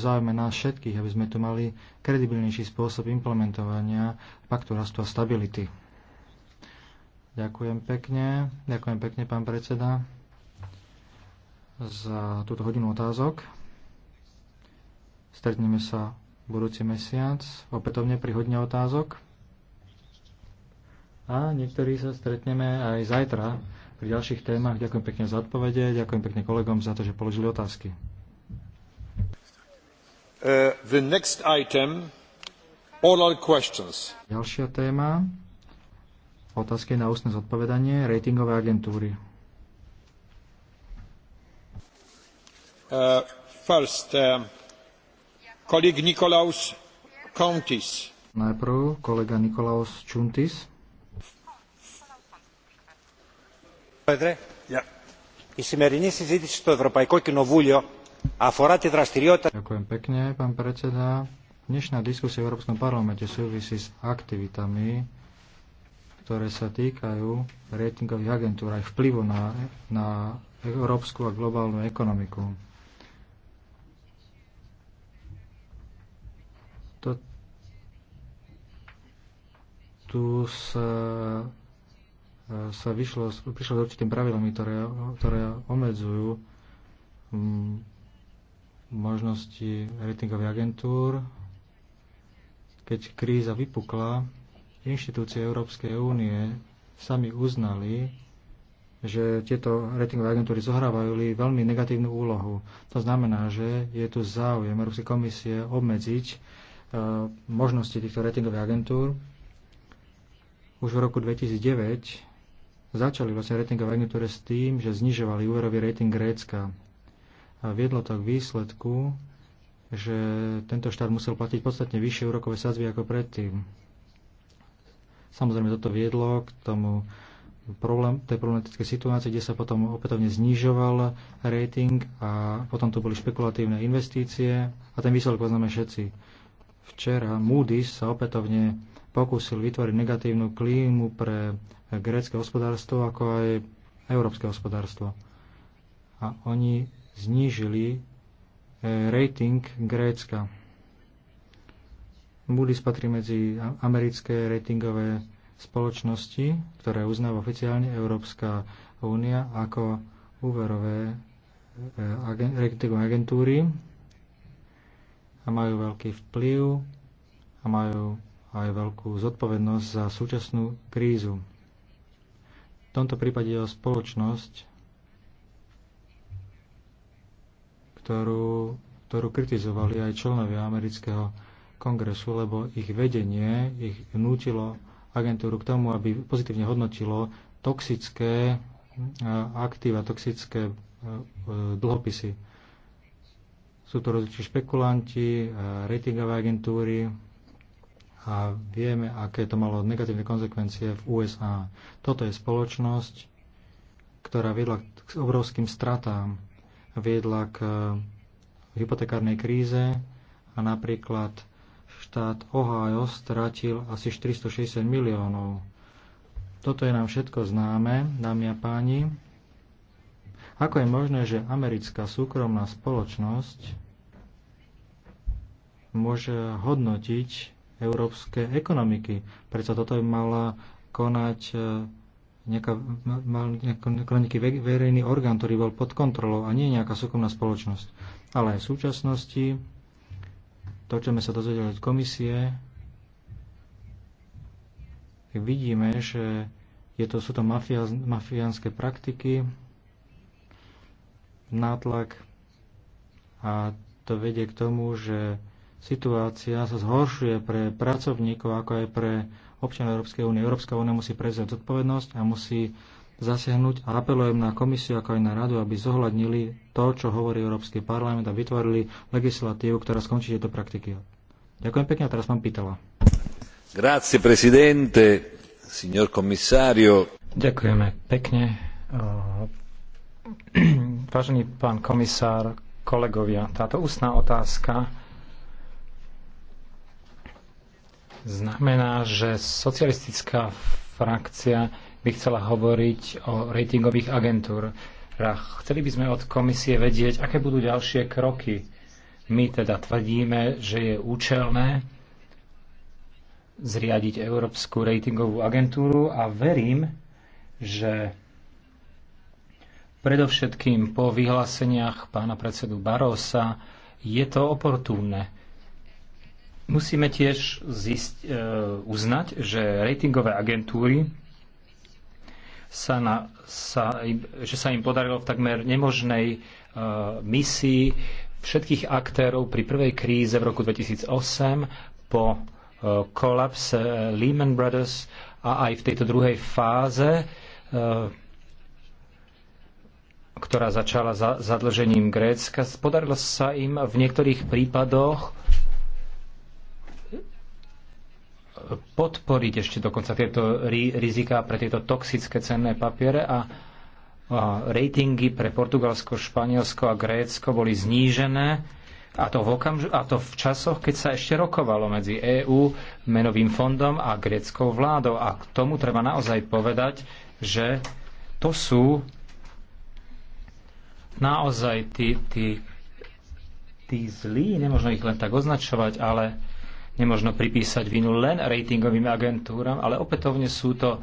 záujme nás všetkých, aby sme tu mali kredibilnejší spôsob implementovania paktu rastu a stability. Ďakujem pekne. Ďakujem pekne, pán predseda, za túto hodinu otázok. Stretneme sa budúci mesiac opätovne pri hodine otázok. A niektorí sa stretneme aj zajtra pri ďalších témach. Ďakujem pekne za odpovede, ďakujem pekne kolegom za to, že položili otázky. Uh, Ďalšia téma. Otázky na ústne zodpovedanie ratingové agentúry. Uh, first, uh, colleague Nikolaus Kontis. Najprv kolega Nikolaus Čuntis. ja. yeah. η σημερινή συζήτηση στο Ευρωπαϊκό Κοινοβούλιο Ďakujem pekne, pán predseda. Dnešná diskusia v Európskom parlamente súvisí s aktivitami, ktoré sa týkajú ratingových agentúr aj vplyvu na, na európsku a globálnu ekonomiku. To, tu sa, sa vyšlo, prišlo s určitým pravidlami, ktoré, ktoré obmedzujú mm, možnosti ratingových agentúr. Keď kríza vypukla, inštitúcie Európskej únie sami uznali, že tieto ratingové agentúry zohrávajú veľmi negatívnu úlohu. To znamená, že je tu záujem Európskej komisie obmedziť e, možnosti týchto ratingových agentúr. Už v roku 2009 začali vlastne ratingové agentúry s tým, že znižovali úverový rating Grécka a viedlo to k výsledku, že tento štát musel platiť podstatne vyššie úrokové sadzby ako predtým. Samozrejme toto viedlo k tomu problém, tej problematickej situácii, kde sa potom opätovne znižoval rating a potom tu boli špekulatívne investície a ten výsledok poznáme všetci. Včera Moody's sa opätovne pokúsil vytvoriť negatívnu klímu pre grécke hospodárstvo ako aj európske hospodárstvo. A oni znížili e, rating Grécka. Moody's patrí medzi americké ratingové spoločnosti, ktoré uznáva oficiálne Európska únia ako úverové e, ratingové agentúry a majú veľký vplyv a majú aj veľkú zodpovednosť za súčasnú krízu. V tomto prípade je spoločnosť, ktorú, ktorú kritizovali aj členovia amerického kongresu, lebo ich vedenie ich nútilo agentúru k tomu, aby pozitívne hodnotilo toxické e, aktíva, toxické e, dlhopisy. Sú to rozličí špekulanti, e, ratingové agentúry a vieme, aké to malo negatívne konsekvencie v USA. Toto je spoločnosť, ktorá vedla k obrovským stratám viedla k eh, hypotekárnej kríze a napríklad štát Ohio stratil asi 460 miliónov. Toto je nám všetko známe, dámy a páni. Ako je možné, že americká súkromná spoločnosť môže hodnotiť európske ekonomiky? Prečo toto by mala konať eh, nejaká, mal nejaký verejný orgán, ktorý bol pod kontrolou a nie nejaká súkromná spoločnosť. Ale aj v súčasnosti to, čo sme sa dozvedeli od komisie, vidíme, že je to, sú to mafiánske praktiky, nátlak a to vedie k tomu, že situácia sa zhoršuje pre pracovníkov, ako aj pre občan Európskej únie. Európska únia musí prevziať zodpovednosť a musí zasiahnuť a apelujem na komisiu ako aj na radu, aby zohľadnili to, čo hovorí Európsky parlament a vytvorili legislatívu, ktorá skončí tieto praktiky. Ďakujem pekne a teraz mám pýtala. Grazie, presidente, signor commissario. Ďakujeme pekne. Vážený pán komisár, kolegovia, táto ústná otázka znamená, že socialistická frakcia by chcela hovoriť o ratingových agentúrach. Chceli by sme od komisie vedieť, aké budú ďalšie kroky. My teda tvrdíme, že je účelné zriadiť Európsku ratingovú agentúru a verím, že predovšetkým po vyhláseniach pána predsedu Barosa je to oportúne. Musíme tiež zist, e, uznať, že ratingové agentúry sa, na, sa, že sa im podarilo v takmer nemožnej e, misii všetkých aktérov pri prvej kríze v roku 2008 po e, kolapse Lehman Brothers a aj v tejto druhej fáze, e, ktorá začala za, zadlžením Grécka, podarilo sa im v niektorých prípadoch podporiť ešte dokonca tieto rizika pre tieto toxické cenné papiere a ratingy pre Portugalsko, Španielsko a Grécko boli znížené a to, v okamž- a to v časoch, keď sa ešte rokovalo medzi EÚ, menovým fondom a gréckou vládou. A k tomu treba naozaj povedať, že to sú naozaj tí, tí, tí zlí, nemôžno ich len tak označovať, ale nemožno pripísať vinu len ratingovým agentúram, ale opätovne sú to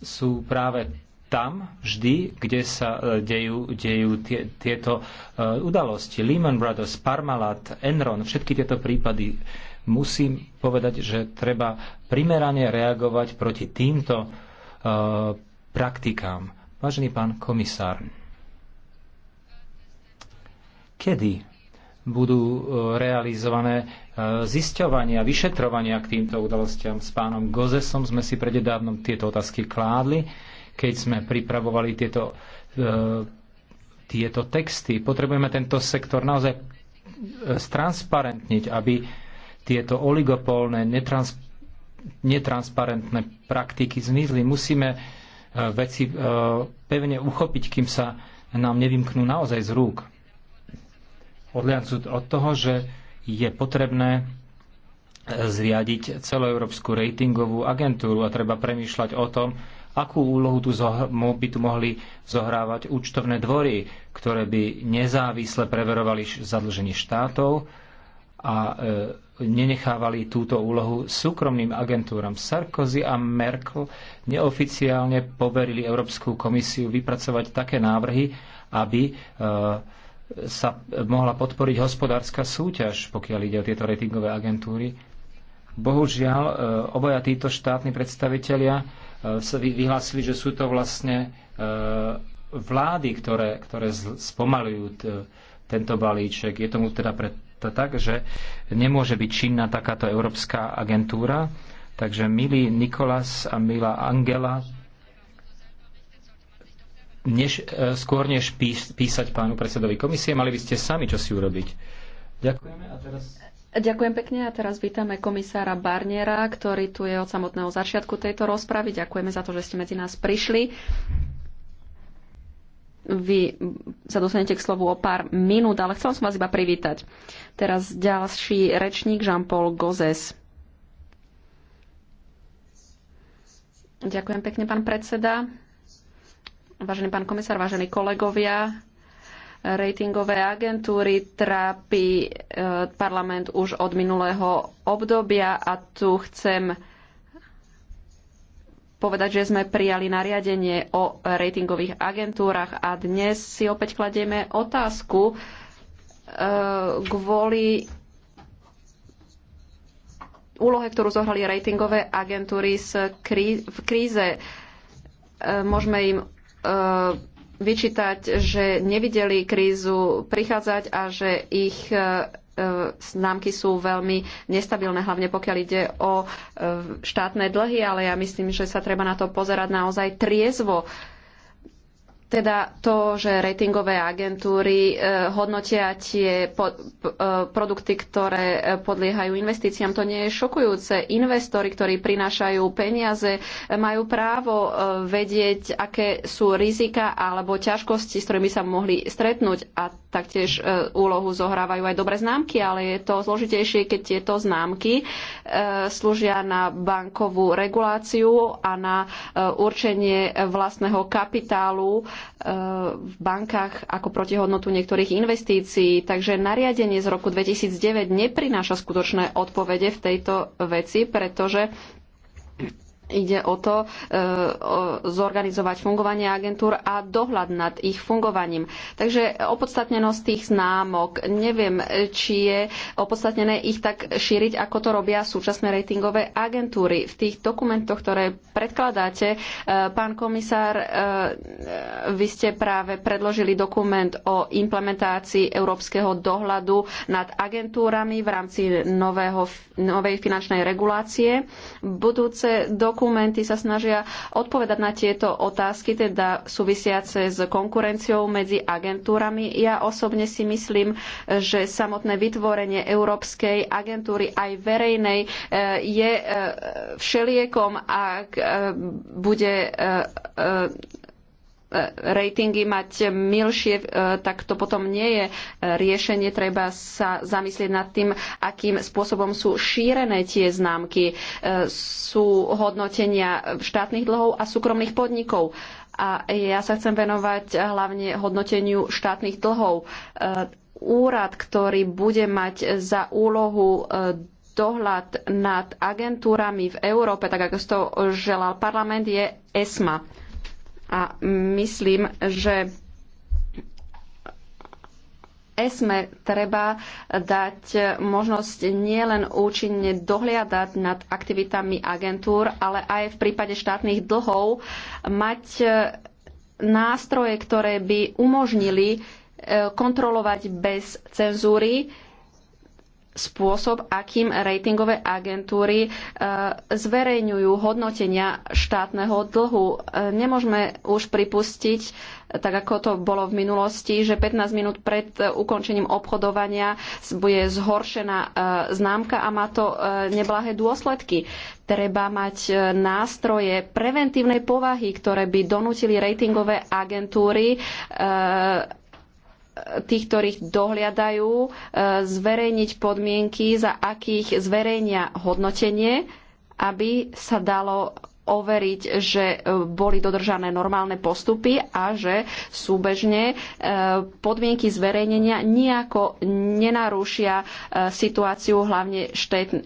sú práve tam vždy, kde sa e, dejú, dejú tie, tieto uh, udalosti. Lehman Brothers, Parmalat, Enron, všetky tieto prípady musím povedať, že treba primerane reagovať proti týmto uh, praktikám. Vážený pán komisár, kedy budú realizované zisťovania, vyšetrovania k týmto udalostiam. S pánom Gozesom sme si prededávnom tieto otázky kládli, keď sme pripravovali tieto, e, tieto texty. Potrebujeme tento sektor naozaj e, stransparentniť, aby tieto oligopolné, netrans, netransparentné praktiky zmizli. Musíme e, veci pevne uchopiť, kým sa nám nevymknú naozaj z rúk. Odliancu od toho, že je potrebné e, zriadiť celoeurópsku ratingovú agentúru a treba premýšľať o tom, akú úlohu tu by tu mohli zohrávať účtovné dvory, ktoré by nezávisle preverovali zadlženie štátov a e, nenechávali túto úlohu súkromným agentúram. Sarkozy a Merkel neoficiálne poverili Európsku komisiu vypracovať také návrhy, aby e, sa mohla podporiť hospodárska súťaž, pokiaľ ide o tieto ratingové agentúry. Bohužiaľ, e, oboja títo štátni predstavitelia e, sa vyhlásili, že sú to vlastne e, vlády, ktoré, ktoré spomalujú tento balíček. Je tomu teda pre, to tak, že nemôže byť činná takáto európska agentúra. Takže milý Nikolas a milá Angela, než, e, skôr než pís, písať pánu predsedovi komisie, mali by ste sami čo si urobiť. Ďakujeme a teraz... Ďakujem pekne a teraz vítame komisára Barniera, ktorý tu je od samotného začiatku tejto rozpravy. Ďakujeme za to, že ste medzi nás prišli. Vy sa dostanete k slovu o pár minút, ale chcel som vás iba privítať. Teraz ďalší rečník Jean-Paul Gozes. Ďakujem pekne, pán predseda. Vážený pán komisár, vážení kolegovia, ratingové agentúry trápi e, parlament už od minulého obdobia a tu chcem povedať, že sme prijali nariadenie o ratingových agentúrach a dnes si opäť kladieme otázku e, kvôli úlohe, ktorú zohrali ratingové agentúry v kríze. E, môžeme im E, vyčítať, že nevideli krízu prichádzať a že ich e, známky sú veľmi nestabilné, hlavne pokiaľ ide o e, štátne dlhy, ale ja myslím, že sa treba na to pozerať naozaj triezvo teda to, že ratingové agentúry e, hodnotia tie e, produkty, ktoré e, podliehajú investíciám, to nie je šokujúce. Investori, ktorí prinášajú peniaze, majú právo vedieť, aké sú rizika alebo ťažkosti, s ktorými sa mohli stretnúť. A taktiež úlohu zohrávajú aj dobré známky, ale je to zložitejšie, keď tieto známky slúžia na bankovú reguláciu a na určenie vlastného kapitálu v bankách ako protihodnotu niektorých investícií. Takže nariadenie z roku 2009 neprináša skutočné odpovede v tejto veci, pretože Ide o to e, o zorganizovať fungovanie agentúr a dohľad nad ich fungovaním. Takže opodstatnenosť tých známok, neviem, či je opodstatnené ich tak šíriť, ako to robia súčasné ratingové agentúry. V tých dokumentoch, ktoré predkladáte, e, pán komisár, e, e vy ste práve predložili dokument o implementácii európskeho dohľadu nad agentúrami v rámci nového, novej finančnej regulácie. Budúce dokumenty dokumenty sa snažia odpovedať na tieto otázky, teda súvisiace s konkurenciou medzi agentúrami. Ja osobne si myslím, že samotné vytvorenie Európskej agentúry aj verejnej eh, je eh, všeliekom, ak eh, bude E, ratingy mať milšie, e, tak to potom nie je e, riešenie. Treba sa zamyslieť nad tým, akým spôsobom sú šírené tie známky. Sú hodnotenia štátnych dlhov a súkromných podnikov. A ja sa chcem venovať hlavne hodnoteniu štátnych dlhov. Úrad, ktorý bude mať za úlohu dohľad nad agentúrami v Európe, tak ako to želal parlament, je ESMA a myslím, že sme treba dať možnosť nielen účinne dohliadať nad aktivitami agentúr, ale aj v prípade štátnych dlhov mať eh, nástroje, ktoré by umožnili eh, kontrolovať bez cenzúry spôsob, akým ratingové agentúry e, zverejňujú hodnotenia štátneho dlhu. E, nemôžeme už pripustiť, tak ako to bolo v minulosti, že 15 minút pred ukončením obchodovania bude zhoršená e, známka a má to neblahé dôsledky. Treba mať nástroje preventívnej povahy, ktoré by donútili ratingové agentúry tých, ktorých dohliadajú, e, zverejniť podmienky, za akých zverejnia hodnotenie, aby sa dalo overiť, že e, boli dodržané normálne postupy a že súbežne e, podmienky zverejnenia nejako nenarúšia e, situáciu hlavne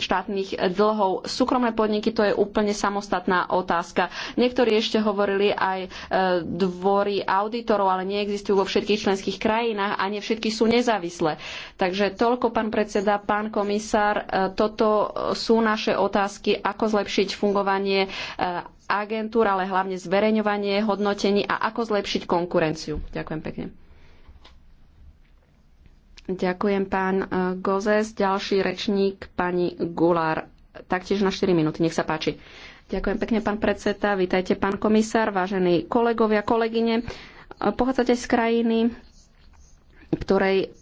štátnych dlhov. Súkromné podniky to je úplne samostatná otázka. Niektorí ešte hovorili aj dvory auditorov, ale neexistujú vo všetkých členských krajinách a nie všetky sú nezávislé. Takže toľko, pán predseda, pán komisár, toto sú naše otázky, ako zlepšiť fungovanie agentúr, ale hlavne zverejňovanie, hodnotení a ako zlepšiť konkurenciu. Ďakujem pekne. Ďakujem pán e, Gozes. Ďalší rečník pani Gulár. Taktiež na 4 minúty. Nech sa páči. Ďakujem pekne, pán predseda. Vítajte, pán komisár, vážení kolegovia, kolegyne. E, pochádzate z krajiny, ktorej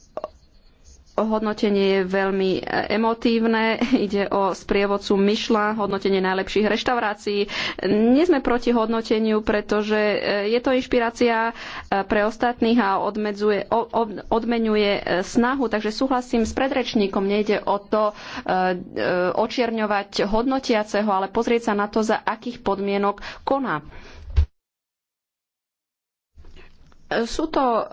hodnotenie je veľmi e, emotívne, ide o sprievodcu myšla, hodnotenie najlepších reštaurácií. Nie sme proti hodnoteniu, pretože e, je to inšpirácia e, pre ostatných a odmedzuje, odmenuje snahu, takže súhlasím s predrečníkom, nejde o to očierňovať hodnotiaceho, ale pozrieť sa na to, za akých podmienok koná. Sú to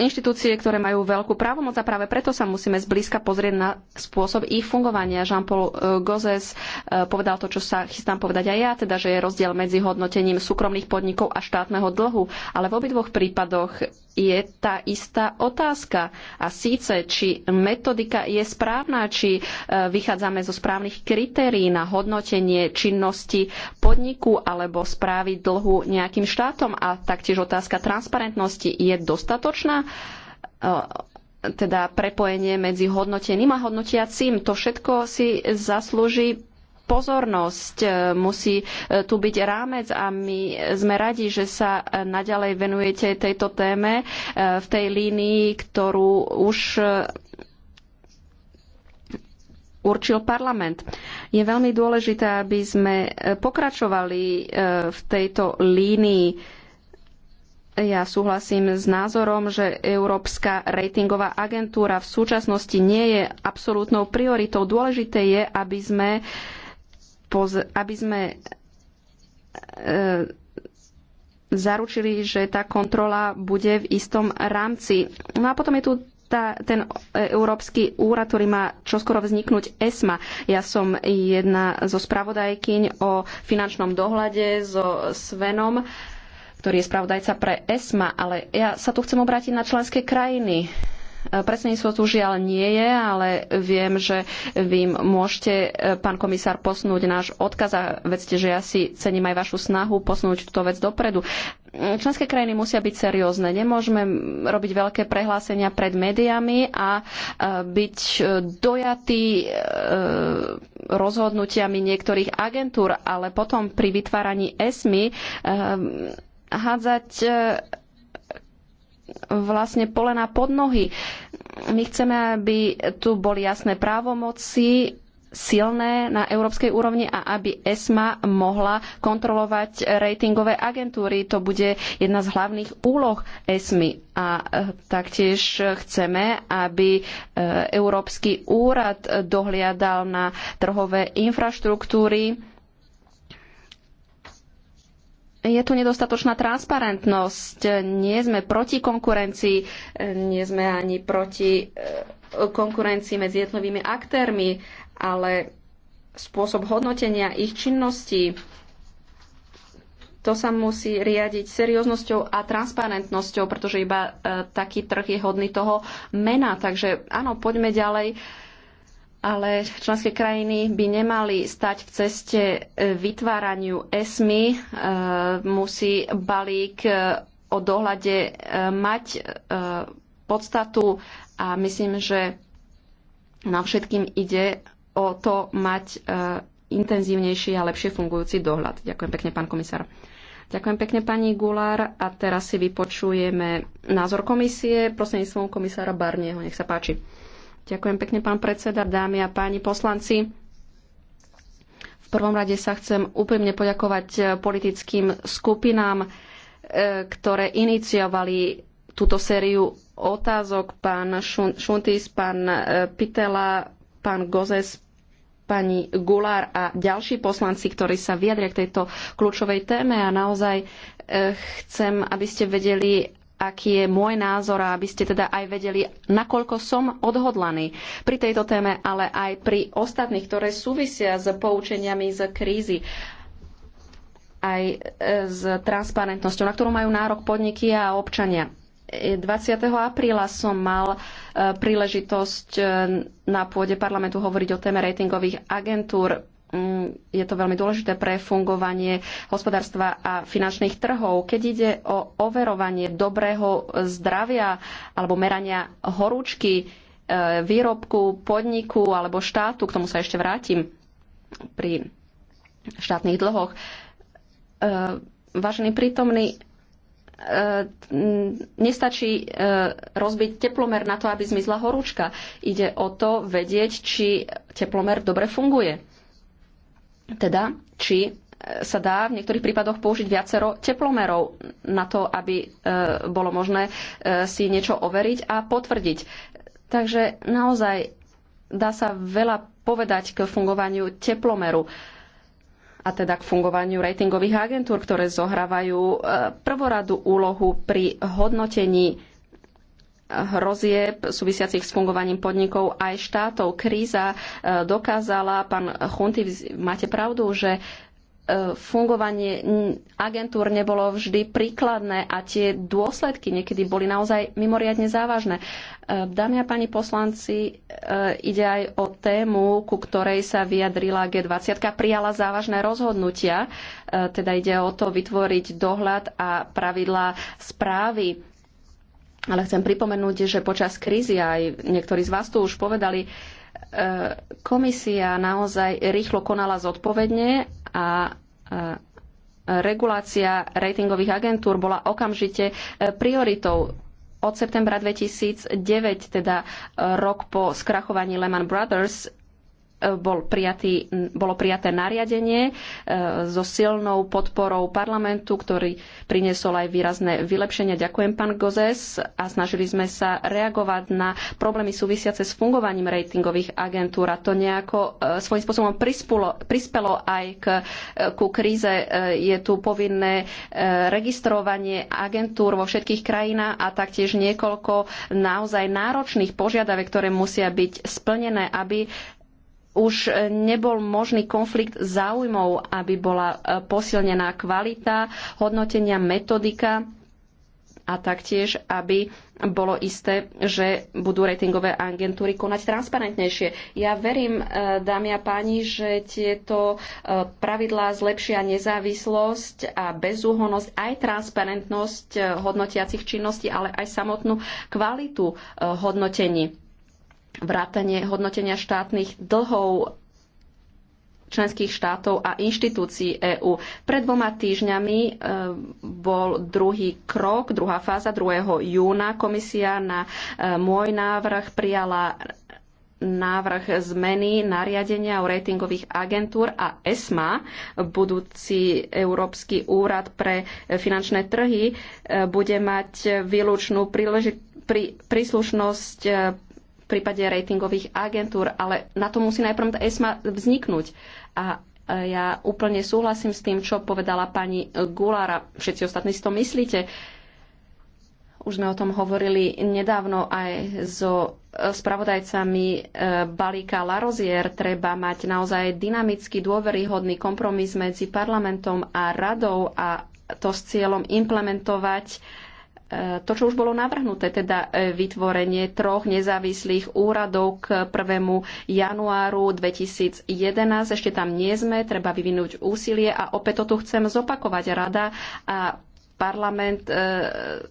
inštitúcie, ktoré majú veľkú právomoc a práve preto sa musíme zblízka pozrieť na spôsob ich fungovania. Jean-Paul eh, Gozes eh, povedal to, čo sa chystám povedať aj ja, teda, že je rozdiel medzi hodnotením súkromných podnikov a štátneho dlhu, ale v obidvoch prípadoch je tá istá otázka. A síce, či metodika je správna, či eh, vychádzame zo správnych kritérií na hodnotenie činnosti podniku alebo správy dlhu nejakým štátom a taktiež otázka transparentnosti je dostatočná eh, teda prepojenie medzi hodnoteným a hodnotiacím. To všetko si zaslúži pozornosť, eh, musí eh, tu byť rámec a my sme radi, že sa naďalej venujete tejto téme v tej línii, ktorú už určil parlament. Je veľmi dôležité, aby sme e, pokračovali e, v tejto línii. Ja súhlasím s názorom, že Európska ratingová agentúra v súčasnosti nie je absolútnou prioritou. Dôležité je, aby sme, aby sme e, zaručili, že tá kontrola bude v istom rámci. No a potom je tu tá, ten e, Európsky úrad, ktorý má čoskoro vzniknúť ESMA. Ja som jedna zo spravodajkyň o finančnom dohľade so Svenom ktorý je spravodajca pre ESMA, ale ja sa tu chcem obrátiť na členské krajiny. E, predsedníctvo tu žiaľ nie je, ale viem, že vy môžete, e, pán komisár, posnúť náš odkaz a vedzte, že ja si cením aj vašu snahu posnúť túto vec dopredu. Mm, členské krajiny musia byť seriózne. Nemôžeme robiť veľké prehlásenia pred médiami a e, byť dojatí rozhodnutiami niektorých agentúr, ale potom pri vytváraní ESMI hádzať vlastne polena pod nohy. My chceme, aby tu boli jasné právomoci silné na európskej úrovni a aby ESMA mohla kontrolovať ratingové agentúry. To bude jedna z hlavných úloh ESMI. A eh, taktiež chceme, aby eh, Európsky úrad dohliadal na trhové infraštruktúry je tu nedostatočná transparentnosť. Nie sme proti konkurencii, nie sme ani proti e, konkurencii medzi jednotlivými aktérmi, ale spôsob hodnotenia ich činností, to sa musí riadiť serióznosťou a transparentnosťou, pretože iba e, taký trh je hodný toho mena. Takže áno, poďme ďalej ale členské krajiny by nemali stať v ceste e, vytváraniu ESMY. E, musí balík e, o dohľade mať podstatu a myslím, že nám všetkým ide o to mať intenzívnejší a lepšie fungujúci dohľad. Ďakujem pekne, pán komisár. Ďakujem pekne, pani Gulár. A teraz si vypočujeme názor komisie Prosím prostredníctvom komisára Barnieho. Nech sa páči. Ďakujem pekne, pán predseda, dámy a páni poslanci. V prvom rade sa chcem úprimne poďakovať e, politickým skupinám, e, ktoré iniciovali túto sériu otázok. Pán Šuntis, pán e, Pitela, pán Gozes, pani Gulár a ďalší poslanci, ktorí sa vyjadria k tejto kľúčovej téme a naozaj chcem, aby ste vedeli, aký je môj názor a aby ste teda aj vedeli, nakoľko som odhodlaný pri tejto téme, ale aj pri ostatných, ktoré súvisia s poučeniami z krízy aj e, s transparentnosťou, na ktorú majú nárok podniky a občania. 20. E, apríla som mal e, príležitosť na pôde parlamentu hovoriť o téme ratingových agentúr. Mm, je to veľmi dôležité pre fungovanie hospodárstva a finančných trhov. Keď ide o overovanie dobrého zdravia alebo merania horúčky e, výrobku, podniku alebo štátu, k tomu sa ešte vrátim pri štátnych dlhoch. E, Vážený prítomný, e, nestačí rozbiť teplomer na to, aby zmizla horúčka. Ide o to vedieť, či teplomer dobre funguje teda, či e, sa dá v niektorých prípadoch použiť viacero teplomerov na to, aby e, bolo možné e, si niečo overiť a potvrdiť. Takže naozaj dá sa veľa povedať k fungovaniu teplomeru a teda k fungovaniu ratingových agentúr, ktoré zohrávajú prvoradú úlohu pri hodnotení hrozieb súvisiacich s fungovaním podnikov aj štátov. Kríza e, dokázala, pán Chunty, máte pravdu, že e, fungovanie agentúr nebolo vždy príkladné a tie dôsledky niekedy boli naozaj mimoriadne závažné. E, dámy a páni poslanci, ide aj o tému, ku ktorej sa vyjadrila G20, prijala závažné rozhodnutia, teda ide o to vytvoriť dohľad a pravidlá správy ale chcem pripomenúť, že počas krízy, aj niektorí z vás tu už povedali, e, komisia naozaj rýchlo konala zodpovedne a e, regulácia ratingových agentúr bola okamžite e, prioritou od septembra 2009, teda rok po skrachovaní Lehman Brothers, bol prijatý, bolo prijaté nariadenie e, so silnou podporou parlamentu, ktorý priniesol aj výrazné vylepšenia. Ďakujem, pán Gozes, a snažili sme sa reagovať na problémy súvisiace s fungovaním ratingových agentúr. A to nejako e, svojím spôsobom prispulo, prispelo aj k, e, ku kríze. Je tu povinné registrovanie agentúr vo všetkých krajinách a taktiež niekoľko naozaj náročných požiadavek, ktoré musia byť splnené, aby už e, nebol možný konflikt záujmov, aby bola e, posilnená kvalita, hodnotenia, metodika a taktiež, aby bolo isté, že budú ratingové agentúry konať transparentnejšie. Ja verím, e, dámy a páni, že tieto pravidlá zlepšia nezávislosť a bezúhonosť, aj transparentnosť hodnotiacich činností, ale aj samotnú kvalitu hodnotení vrátanie hodnotenia štátnych dlhov členských štátov a inštitúcií EÚ. Pred dvoma týždňami e, bol druhý krok, druhá fáza 2. júna. Komisia na e, môj návrh prijala návrh zmeny nariadenia o ratingových agentúr a ESMA, budúci Európsky úrad pre finančné trhy, e, bude mať výlučnú príležitosť pri, príslušnosť v prípade ratingových agentúr, ale na to musí najprv tá ESMA vzniknúť. A e, ja úplne súhlasím s tým, čo povedala pani Gulára. Všetci ostatní si to myslíte. Už sme o tom hovorili nedávno aj so e, spravodajcami e, balíka Larozier. Treba mať naozaj dynamický, dôveryhodný kompromis medzi parlamentom a radou a to s cieľom implementovať to, čo už bolo navrhnuté, teda e, vytvorenie troch nezávislých úradov k 1. januáru 2011. Ešte tam nie sme, treba vyvinúť úsilie a opäť to tu chcem zopakovať. Rada a parlament e,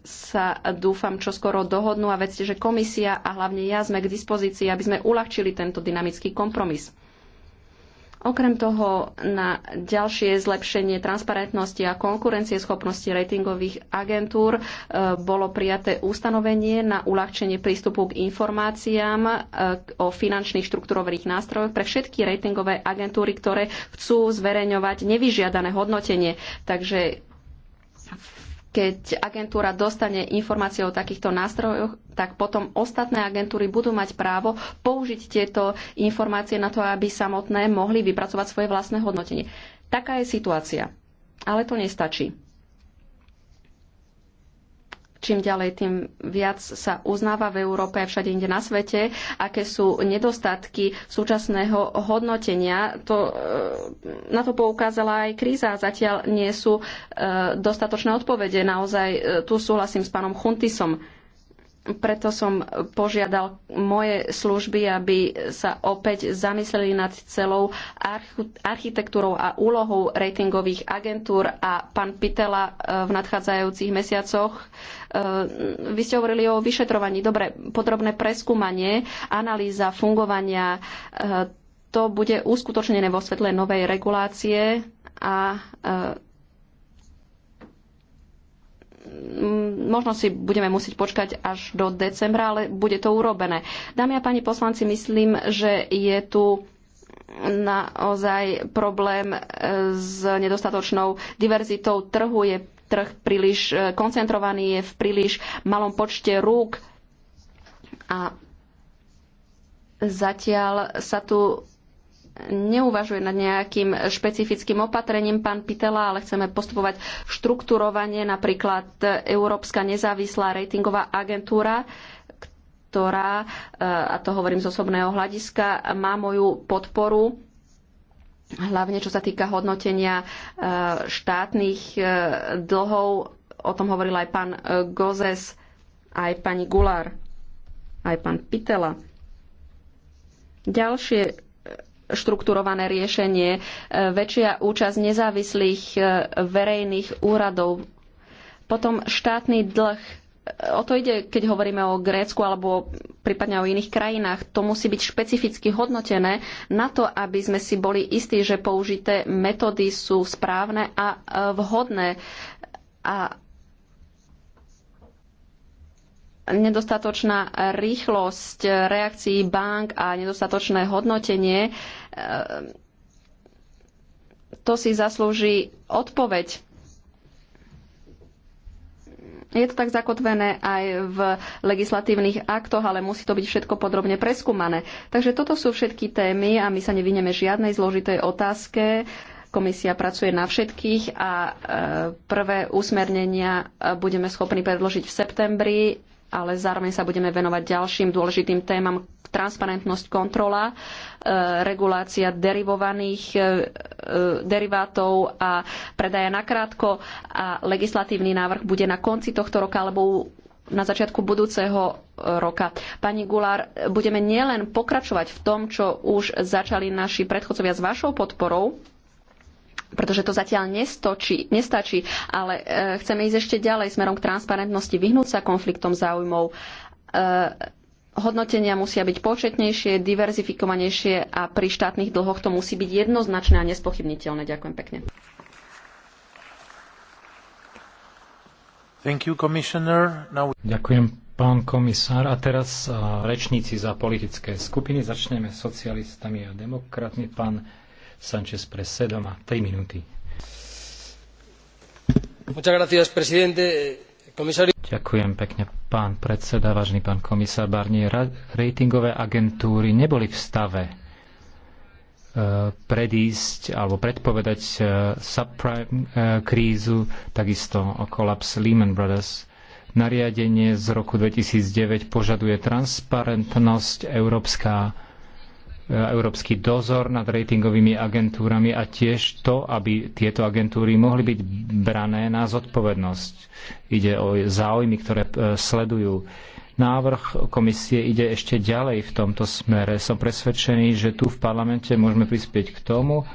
sa dúfam čo skoro dohodnú a vedzte, že komisia a hlavne ja sme k dispozícii, aby sme uľahčili tento dynamický kompromis. Okrem toho na ďalšie zlepšenie transparentnosti a konkurencieschopnosti ratingových agentúr e, bolo prijaté ustanovenie na uľahčenie prístupu k informáciám e, o finančných štruktúrových nástrojoch pre všetky ratingové agentúry, ktoré chcú zverejňovať nevyžiadané hodnotenie. Takže keď agentúra dostane informácie o takýchto nástrojoch, tak potom ostatné agentúry budú mať právo použiť tieto informácie na to, aby samotné mohli vypracovať svoje vlastné hodnotenie. Taká je situácia. Ale to nestačí čím ďalej, tým viac sa uznáva v Európe a všade inde na svete, aké sú nedostatky súčasného hodnotenia. To, e, na to poukázala aj kríza. Zatiaľ nie sú e, dostatočné odpovede. Naozaj e, tu súhlasím s pánom Chuntisom preto som požiadal moje služby, aby sa opäť zamysleli nad celou architektúrou a úlohou ratingových agentúr a pán Pitela v nadchádzajúcich mesiacoch vy ste hovorili o vyšetrovaní. Dobre, podrobné preskúmanie, analýza fungovania, e, to bude uskutočnené vo svetle novej regulácie a e, možno si budeme musieť počkať až do decembra, ale bude to urobené. Dámy a páni poslanci, myslím, že je tu naozaj problém e, s nedostatočnou diverzitou trhu. Je trh príliš e, koncentrovaný, je v príliš malom počte rúk a zatiaľ sa tu neuvažuje nad nejakým špecifickým opatrením pán Pitela, ale chceme postupovať štrukturovanie, napríklad Európska nezávislá ratingová agentúra, ktorá, e, a to hovorím z osobného hľadiska, má moju podporu hlavne čo sa týka hodnotenia e, štátnych e, dlhov. O tom hovoril aj pán e, Gozes, aj pani Gulár, aj pán Pitela. Ďalšie štrukturované riešenie, väčšia účasť nezávislých verejných úradov, potom štátny dlh o to ide, keď hovoríme o Grécku alebo prípadne o iných krajinách. To musí byť špecificky hodnotené na to, aby sme si boli istí, že použité metódy sú správne a e, vhodné. A nedostatočná rýchlosť reakcií bank a nedostatočné hodnotenie, e, to si zaslúži odpoveď je to tak zakotvené aj v legislatívnych aktoch, ale musí to byť všetko podrobne preskúmané. Takže toto sú všetky témy a my sa nevineme žiadnej zložitej otázke. Komisia pracuje na všetkých a e, prvé usmernenia e, budeme schopní predložiť v septembri ale zároveň sa budeme venovať ďalším dôležitým témam, transparentnosť, kontrola, e, regulácia derivovaných e, e, derivátov a predaja nakrátko a legislatívny návrh bude na konci tohto roka alebo na začiatku budúceho roka. Pani Gulár, budeme nielen pokračovať v tom, čo už začali naši predchodcovia s vašou podporou, pretože to zatiaľ nestočí, nestačí, ale e, chceme ísť ešte ďalej smerom k transparentnosti, vyhnúť sa konfliktom záujmov, e, hodnotenia musia byť početnejšie, diverzifikovanejšie a pri štátnych dlhoch to musí byť jednoznačné a nespochybniteľné. Ďakujem pekne. You, Now... Ďakujem, pán komisár. A teraz uh, rečníci za politické skupiny. Začneme socialistami a demokratmi. Pán Sanchez Presedo má 3 minúty. Muchas gracias, presidente. Komisari... Ďakujem pekne, pán predseda, vážny pán komisár Barnier. Ratingové agentúry neboli v stave e, predísť alebo predpovedať e, subprime e, krízu, takisto o kolaps Lehman Brothers. Nariadenie z roku 2009 požaduje transparentnosť. Európska E, európsky dozor nad ratingovými agentúrami a tiež to, aby tieto agentúry mohli byť brané na zodpovednosť. Ide o záujmy, ktoré e, sledujú. Návrh komisie ide ešte ďalej v tomto smere. Som presvedčený, že tu v parlamente môžeme prispieť k tomu,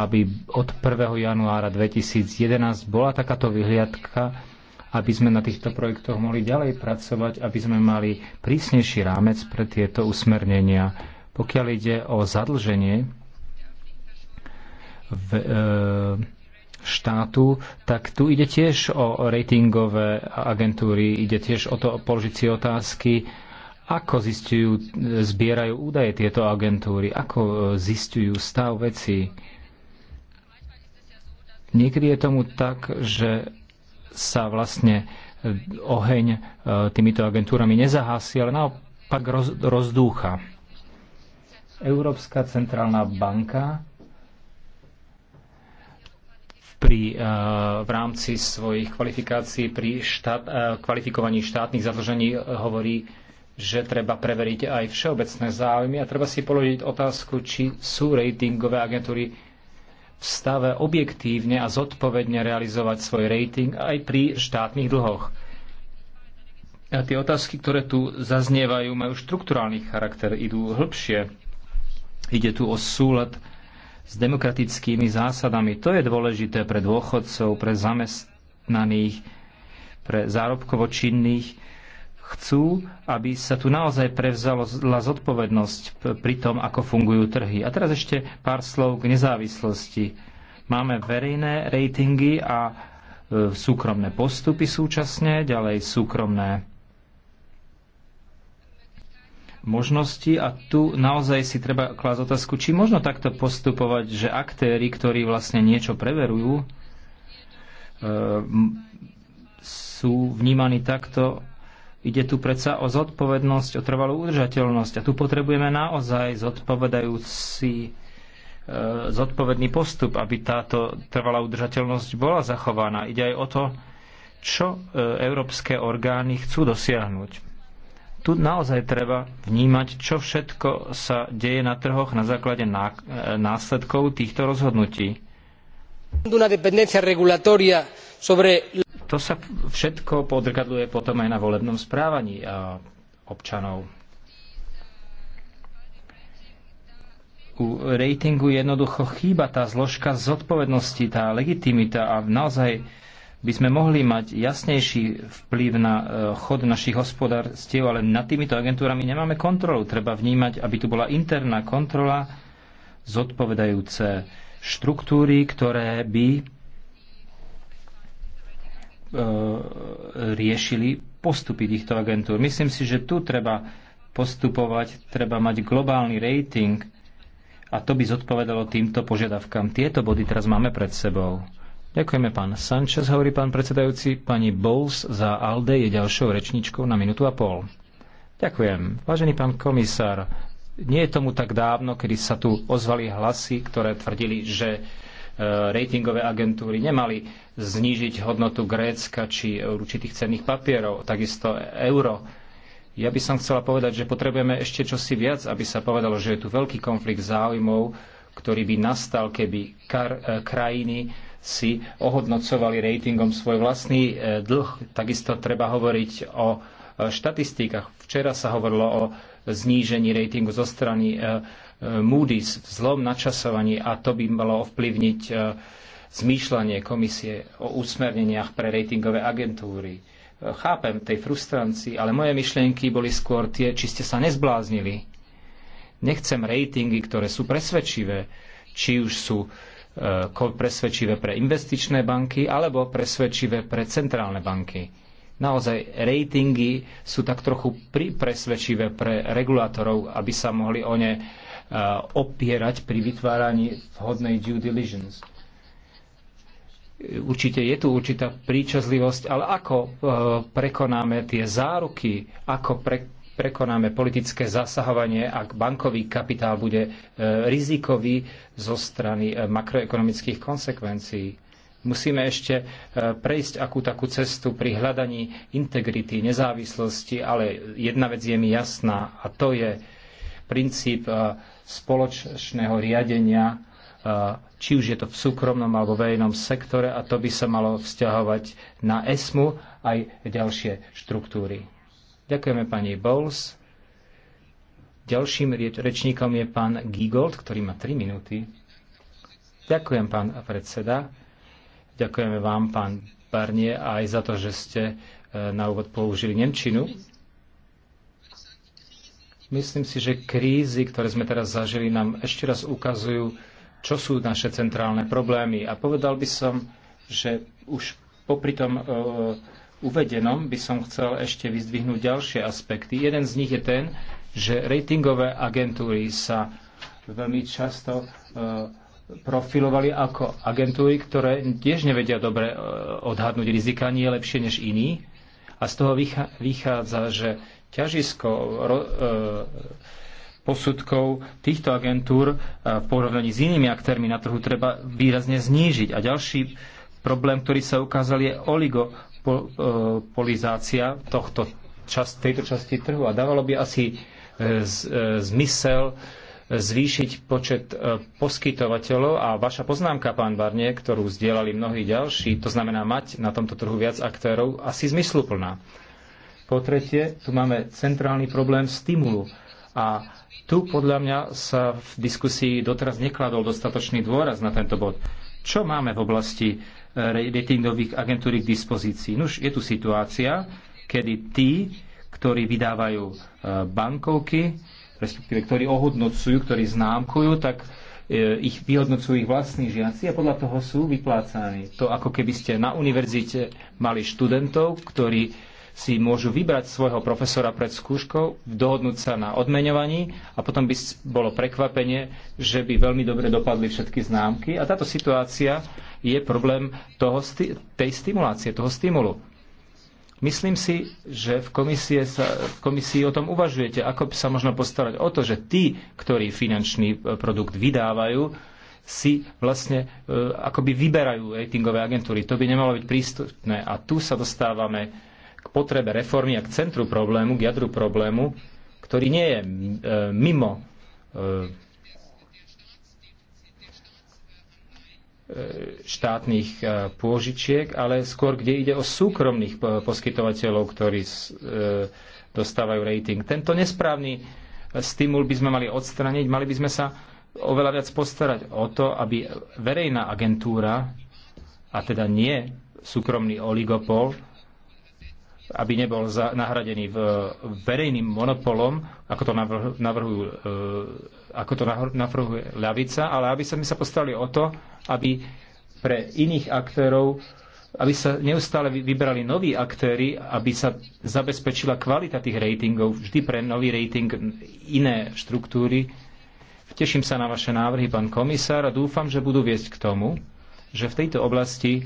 aby od 1. januára 2011 bola takáto vyhliadka, aby sme na týchto projektoch mohli ďalej pracovať, aby sme mali prísnejší rámec pre tieto usmernenia pokiaľ ide o zadlženie v, e, štátu, tak tu ide tiež o ratingové agentúry, ide tiež o to položiť si otázky, ako zistujú, zbierajú údaje tieto agentúry, ako e, zistujú stav veci. Niekedy je tomu tak, že sa vlastne e, oheň e, týmito agentúrami nezahasí, ale naopak rozdúcha. Európska centrálna banka pri, eh, v rámci svojich kvalifikácií pri štát, eh, kvalifikovaní štátnych zadlžení eh, hovorí, že treba preveriť aj všeobecné záujmy a treba si položiť otázku, či sú ratingové agentúry v stave objektívne a zodpovedne realizovať svoj rating aj pri štátnych dlhoch. A tie otázky, ktoré tu zaznievajú, majú štrukturálny charakter, idú hĺbšie Ide tu o súlad s demokratickými zásadami. To je dôležité pre dôchodcov, pre zamestnaných, pre zárobkovo činných. Chcú, aby sa tu naozaj prevzala zodpovednosť pri tom, ako fungujú trhy. A teraz ešte pár slov k nezávislosti. Máme verejné ratingy a e, súkromné postupy súčasne, ďalej súkromné možnosti a tu naozaj si treba klásť otázku, či možno takto postupovať, že aktéry, ktorí vlastne niečo preverujú, e, sú vnímaní takto. Ide tu predsa o zodpovednosť, o trvalú udržateľnosť a tu potrebujeme naozaj zodpovedajúci e, zodpovedný postup, aby táto trvalá udržateľnosť bola zachovaná. Ide aj o to, čo e, európske orgány chcú dosiahnuť tu naozaj treba vnímať, čo všetko sa deje na trhoch na základe e, následkov týchto rozhodnutí. To sa všetko podrkadluje potom aj na volebnom správaní e, občanov. U ratingu jednoducho chýba tá zložka zodpovednosti, tá legitimita a naozaj by sme mohli mať jasnejší vplyv na e, chod našich hospodárstiev, ale nad týmito agentúrami nemáme kontrolu. Treba vnímať, aby tu bola interná kontrola zodpovedajúce štruktúry, ktoré by e, riešili postupy týchto agentúr. Myslím si, že tu treba postupovať, treba mať globálny rating a to by zodpovedalo týmto požiadavkám. Tieto body teraz máme pred sebou. Ďakujeme pán Sanchez, hovorí pán predsedajúci. Pani Bowles za ALDE je ďalšou rečničkou na minútu a pol. Ďakujem. Vážený pán komisár, nie je tomu tak dávno, kedy sa tu ozvali hlasy, ktoré tvrdili, že e, ratingové agentúry nemali znížiť hodnotu Grécka či určitých cenných papierov, takisto euro. Ja by som chcela povedať, že potrebujeme ešte čosi viac, aby sa povedalo, že je tu veľký konflikt záujmov, ktorý by nastal, keby e, krajiny si ohodnocovali ratingom svoj vlastný e, dlh. Takisto treba hovoriť o e, štatistikách. Včera sa hovorilo o znížení ratingu zo strany e, Moody's v zlom načasovaní a to by malo ovplyvniť zmýšľanie komisie o usmerneniach pre ratingové agentúry. Chápem tej frustrancii, ale moje myšlienky boli skôr tie, či ste sa nezbláznili. Nechcem rejtingy, ktoré sú presvedčivé, či už sú presvedčivé pre investičné banky alebo presvedčivé pre centrálne banky. Naozaj ratingy sú tak trochu presvedčivé pre regulátorov, aby sa mohli o ne e, opierať pri vytváraní vhodnej due diligence. Určite je tu určitá príčazlivosť, ale ako e, prekonáme tie záruky, ako pre, prekonáme politické zasahovanie, ak bankový kapitál bude e, rizikový zo strany e, makroekonomických konsekvencií. Musíme ešte e, prejsť akú takú cestu pri hľadaní integrity, nezávislosti, ale jedna vec je mi jasná a to je princíp spoločného riadenia, či už je to v súkromnom alebo verejnom sektore a to by sa malo vzťahovať na ESMU aj ďalšie štruktúry. Ďakujeme pani Bowles. Ďalším rečníkom je pán Gigold, ktorý má 3 minúty. Ďakujem, pán predseda. Ďakujeme vám, pán Barnie, aj za to, že ste e, na úvod použili Nemčinu. Myslím si, že krízy, ktoré sme teraz zažili, nám ešte raz ukazujú, čo sú naše centrálne problémy. A povedal by som, že už popri tom e, uvedenom by som chcel ešte vyzdvihnúť ďalšie aspekty. Jeden z nich je ten, že ratingové agentúry sa veľmi často e, profilovali ako agentúry, ktoré tiež nevedia dobre e, odhadnúť rizika, nie je lepšie než iní. A z toho vychádza, že ťažisko e, posudkov týchto agentúr v porovnaní s inými aktérmi na trhu treba výrazne znížiť. A ďalší problém, ktorý sa ukázal, je oligo monopolizácia e, tohto čas, tejto časti trhu a dávalo by asi e, e, zmysel zvýšiť počet poskytovateľov a vaša poznámka, pán Barnie, ktorú zdieľali mnohí ďalší, to znamená mať na tomto trhu viac aktérov, asi zmysluplná. Po tretie, tu máme centrálny problém stimulu a tu podľa mňa sa v diskusii doteraz nekladol dostatočný dôraz na tento bod. Čo máme v oblasti e, ratingových agentúry k dispozícii? Nuž, je tu situácia, kedy tí, ktorí vydávajú e, bankovky, respektíve ktorí ohodnocujú, ktorí známkujú, tak e, ich vyhodnocujú ich vlastní žiaci a podľa toho sú vyplácaní. To ako keby ste na univerzite mali študentov, ktorí si môžu vybrať svojho profesora pred skúškou, dohodnúť sa na odmeňovaní a potom by bolo prekvapenie, že by veľmi dobre dopadli všetky známky. A táto situácia je problém toho, tej stimulácie, toho stimulu. Myslím si, že v, komisie sa, v komisii o tom uvažujete, ako by sa možno postarať o to, že tí, ktorí finančný e, produkt vydávajú, si vlastne e, akoby vyberajú ratingové agentúry. To by nemalo byť prístupné. A tu sa dostávame k potrebe reformy a k centru problému, k jadru problému, ktorý nie je e, mimo e, e, štátnych pôžičiek, ale skôr kde ide o súkromných poskytovateľov, ktorí dostávajú rating. Tento nesprávny stimul by sme mali odstraniť, mali by sme sa oveľa viac postarať o to, aby verejná agentúra, a teda nie súkromný oligopol, aby nebol nahradený v verejným monopolom, ako to, navrhujú, e, ako to navrhuje ľavica, ale aby sa my sa postarali o to, aby pre iných aktérov aby sa neustále vybrali noví aktéry, aby sa zabezpečila kvalita tých ratingov, vždy pre nový rating iné štruktúry. Teším sa na vaše návrhy, pán komisár, a dúfam, že budú viesť k tomu, že v tejto oblasti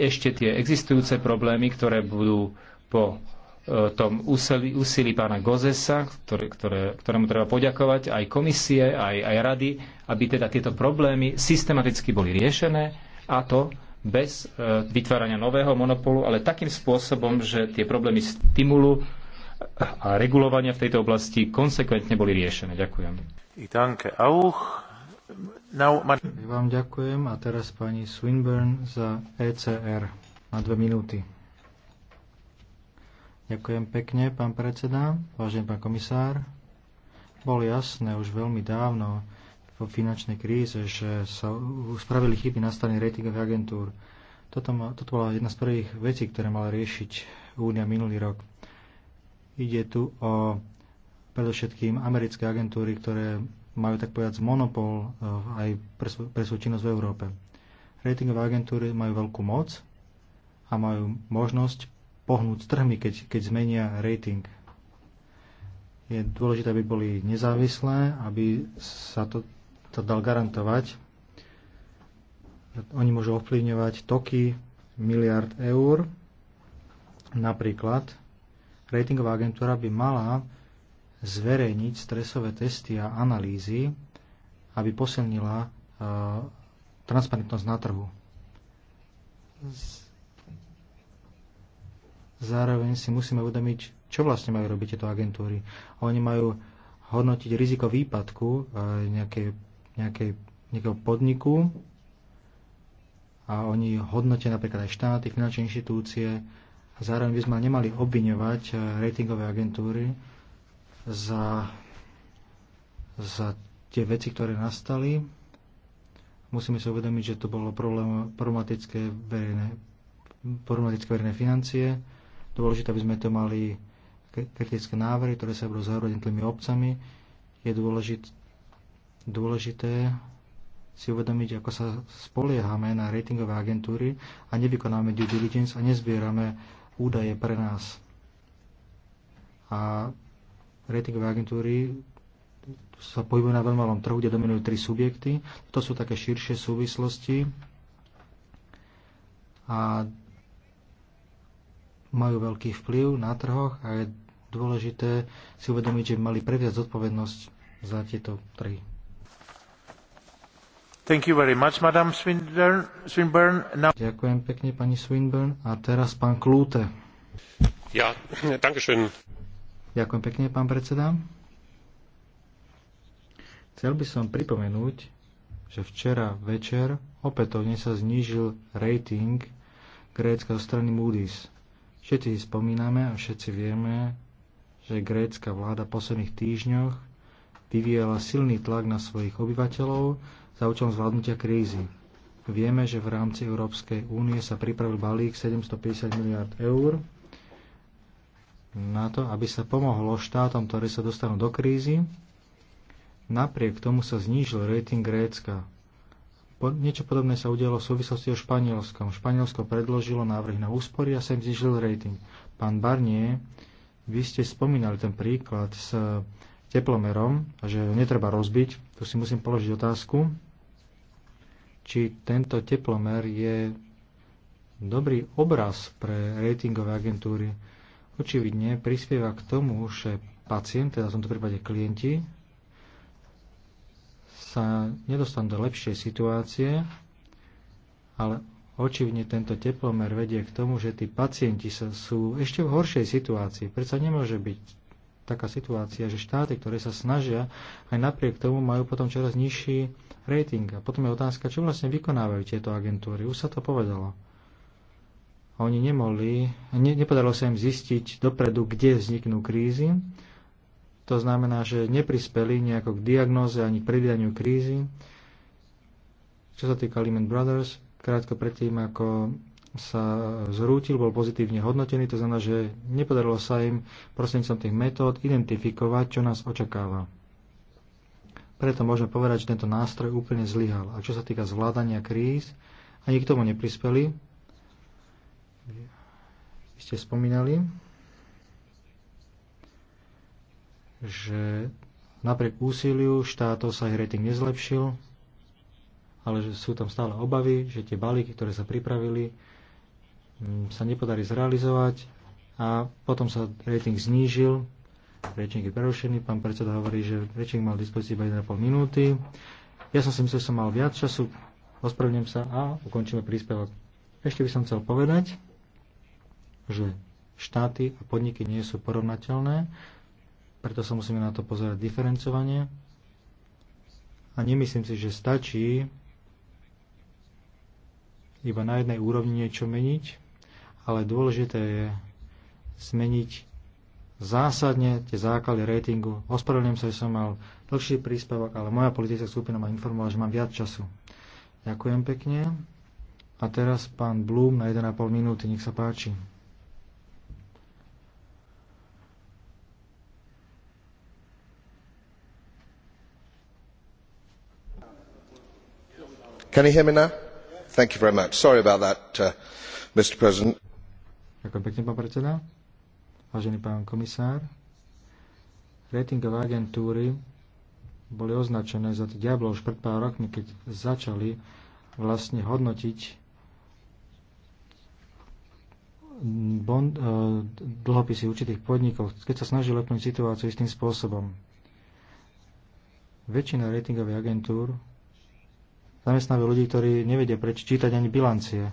ešte tie existujúce problémy, ktoré budú po e, tom úsilí, úsilí pána Gozesa, ktoré, ktoré, ktorému treba poďakovať, aj komisie, aj, aj rady, aby teda tieto problémy systematicky boli riešené a to bez e, vytvárania nového monopolu, ale takým spôsobom, že tie problémy stimulu a regulovania v tejto oblasti konsekventne boli riešené. Ďakujem. ma... vám ďakujem a teraz pani Swinburne za ECR na dve minúty. Ďakujem pekne, pán predseda, vážený pán komisár. Bolo jasné už veľmi dávno po finančnej kríze, že sa spravili chyby na strane ratingových agentúr. Toto, ma, toto bola jedna z prvých vecí, ktoré mala riešiť Únia minulý rok. Ide tu o predovšetkým americké agentúry, ktoré majú tak povedať monopol eh, aj pre svoju činnosť v Európe. Ratingové agentúry majú veľkú moc a majú možnosť pohnúť s trhmi, keď, keď zmenia rating. Je dôležité, aby boli nezávislé, aby sa to, to dal garantovať. Oni môžu ovplyvňovať toky miliard eur. Napríklad ratingová agentúra by mala zverejniť stresové testy a analýzy, aby posilnila eh, transparentnosť na trhu zároveň si musíme uvedomiť, čo vlastne majú robiť tieto agentúry. Oni majú hodnotiť riziko výpadku nejakej, nejakej, nejakého podniku a oni hodnotia napríklad aj štáty, finančné inštitúcie a zároveň by sme nemali obviňovať e, ratingové agentúry za, za tie veci, ktoré nastali. Musíme si uvedomiť, že to bolo problém, problematické verejné, problematické verejné financie Dôležité, aby sme to mali kritické návrhy, ktoré sa budú zahrať tými obcami. Je dôležité, dôležité si uvedomiť, ako sa spoliehame na ratingové agentúry a nevykonáme due diligence a nezbierame údaje pre nás. A ratingové agentúry sa pohybujú na veľmi malom trhu, kde dominujú tri subjekty. To sú také širšie súvislosti. A majú veľký vplyv na trhoch a je dôležité si uvedomiť, že mali previať zodpovednosť za tieto trhy. Thank you very much, Madam Swinburne. Swinburne. Now... Ďakujem pekne, pani Swinburne. A teraz pán Klúte. Ja, dankeschön. Ďakujem pekne, pán predseda. Chcel by som pripomenúť, že včera večer opätovne sa znížil rating Grécka zo strany Moody's. Všetci spomíname a všetci vieme, že grécka vláda v posledných týždňoch vyvíjala silný tlak na svojich obyvateľov za účelom zvládnutia krízy. Vieme, že v rámci Európskej únie sa pripravil balík 750 miliard eur na to, aby sa pomohlo štátom, ktoré sa dostanú do krízy. Napriek tomu sa znížil rating Grécka. Niečo podobné sa udialo v súvislosti o Španielskom. Španielsko predložilo návrh na úspory a sem znižil rating. Pán Barnier, vy ste spomínali ten príklad s teplomerom a že ho netreba rozbiť. Tu si musím položiť otázku, či tento teplomer je dobrý obraz pre ratingové agentúry. Očividne prispieva k tomu, že pacient, teda v tomto prípade klienti, sa nedostanú do lepšej situácie, ale očivne tento teplomer vedie k tomu, že tí pacienti sa, sú ešte v horšej situácii. Prečo nemôže byť taká situácia, že štáty, ktoré sa snažia, aj napriek tomu majú potom čoraz nižší rating. A potom je otázka, čo vlastne vykonávajú tieto agentúry. Už sa to povedalo. oni nemohli, ne, nepodarilo sa im zistiť dopredu, kde vzniknú krízy, to znamená, že neprispeli nejako k diagnóze ani k predvídaniu krízy. Čo sa týka Lehman Brothers, krátko predtým, ako sa zrútil, bol pozitívne hodnotený, to znamená, že nepodarilo sa im prostredníctvom tých metód identifikovať, čo nás očakáva. Preto môžeme povedať, že tento nástroj úplne zlyhal. A čo sa týka zvládania kríz, ani k tomu neprispeli. Vy ste spomínali. že napriek úsiliu štátov sa ich rating nezlepšil, ale že sú tam stále obavy, že tie balíky, ktoré sa pripravili, mm, sa nepodarí zrealizovať a potom sa rating znížil, rating je prerušený, pán predseda hovorí, že rating mal dispozícii iba 1,5 minúty. Ja som si myslel, že som mal viac času, ospravedlňujem sa a ukončíme príspevok. Ešte by som chcel povedať, že štáty a podniky nie sú porovnateľné, preto sa musíme na to pozerať diferencovanie. A nemyslím si, že stačí iba na jednej úrovni niečo meniť, ale dôležité je zmeniť zásadne tie základy ratingu. Ospravedlňujem sa, že som mal dlhší príspevok, ale moja politická skupina ma informovala, že mám viac času. Ďakujem pekne. A teraz pán Blum na 1,5 minúty, nech sa páči. Ďakujem pekne, pán predseda. Vážený pán komisár, ratingové agentúry boli označené za diablo už pred pár rokmi, keď začali vlastne hodnotiť bond, e, dlhopisy určitých podnikov, keď sa snažili lepnúť situáciu istým spôsobom. Väčšina ratingových agentúr zamestnávajú ľudí, ktorí nevedia prečítať ani bilancie.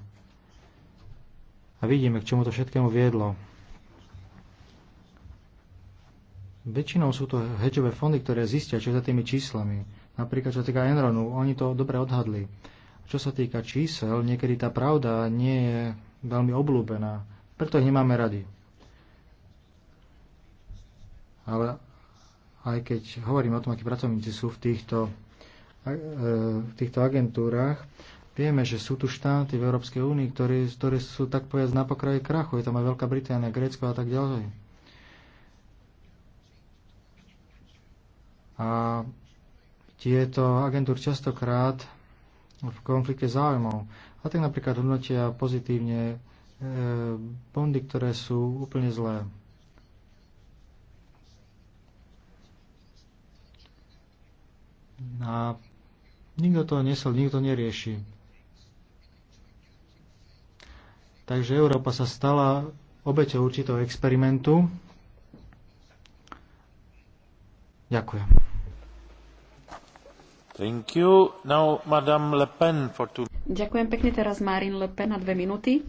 A vidíme, k čomu to všetkému viedlo. Väčšinou sú to hedžové fondy, ktoré zistia, čo za tými číslami. Napríklad, čo sa týka Enronu, oni to dobre odhadli. Čo sa týka čísel, niekedy tá pravda nie je veľmi oblúbená, Preto ich nemáme rady. Ale aj keď hovorím o tom, akí pracovníci sú v týchto E, v týchto agentúrach. Vieme, že sú tu štáty v Európskej únii, ktoré, ktoré sú tak povedať na pokraji krachu. Je tam aj Veľká Británia, Grécko a tak ďalej. A tieto agentúr častokrát v konflikte záujmov. A tak napríklad hodnotia pozitívne e, bondy, ktoré sú úplne zlé. A Nikto to nesel, nikto nerieši. Takže Európa sa stala obeťou určitého experimentu. Ďakujem. Thank you. Now, Madame Le Pen for two... Ďakujem pekne teraz Marine Le Pen na dve minúty.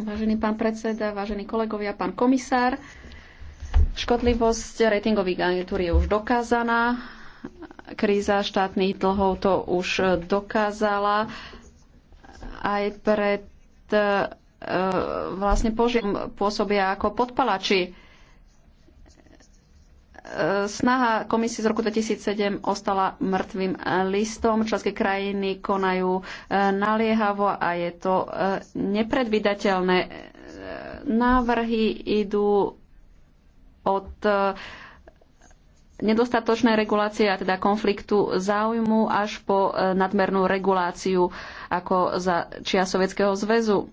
Vážený pán predseda, vážení kolegovia, pán komisár, škodlivosť ratingových agentúr je už dokázaná kríza štátnych dlhov to už dokázala aj pred e, vlastne požiadom pôsobia ako podpalači. E, snaha komisie z roku 2007 ostala mŕtvým listom. Členské krajiny konajú e, naliehavo a je to nepredvydateľné. Návrhy idú od nedostatočnej regulácie a teda konfliktu záujmu až po e, nadmernú reguláciu ako za čia Sovietskeho zväzu.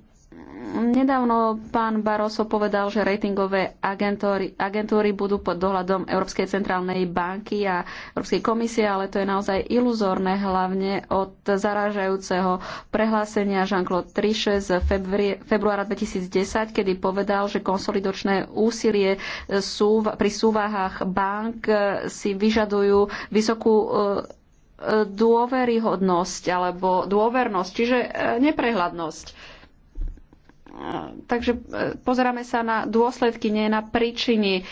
Nedávno pán Barroso povedal, že ratingové agentúry, agentúry budú pod dohľadom Európskej centrálnej banky a Európskej komisie, ale to je naozaj iluzórne, hlavne od zarážajúceho prehlásenia Jean-Claude Trichet z februára 2010, kedy povedal, že konsolidočné úsilie sú, pri súvahách bank eh, si vyžadujú vysokú eh, eh, dôveryhodnosť alebo dôvernosť, čiže neprehľadnosť takže e, pozeráme sa na dôsledky, nie na príčiny, e,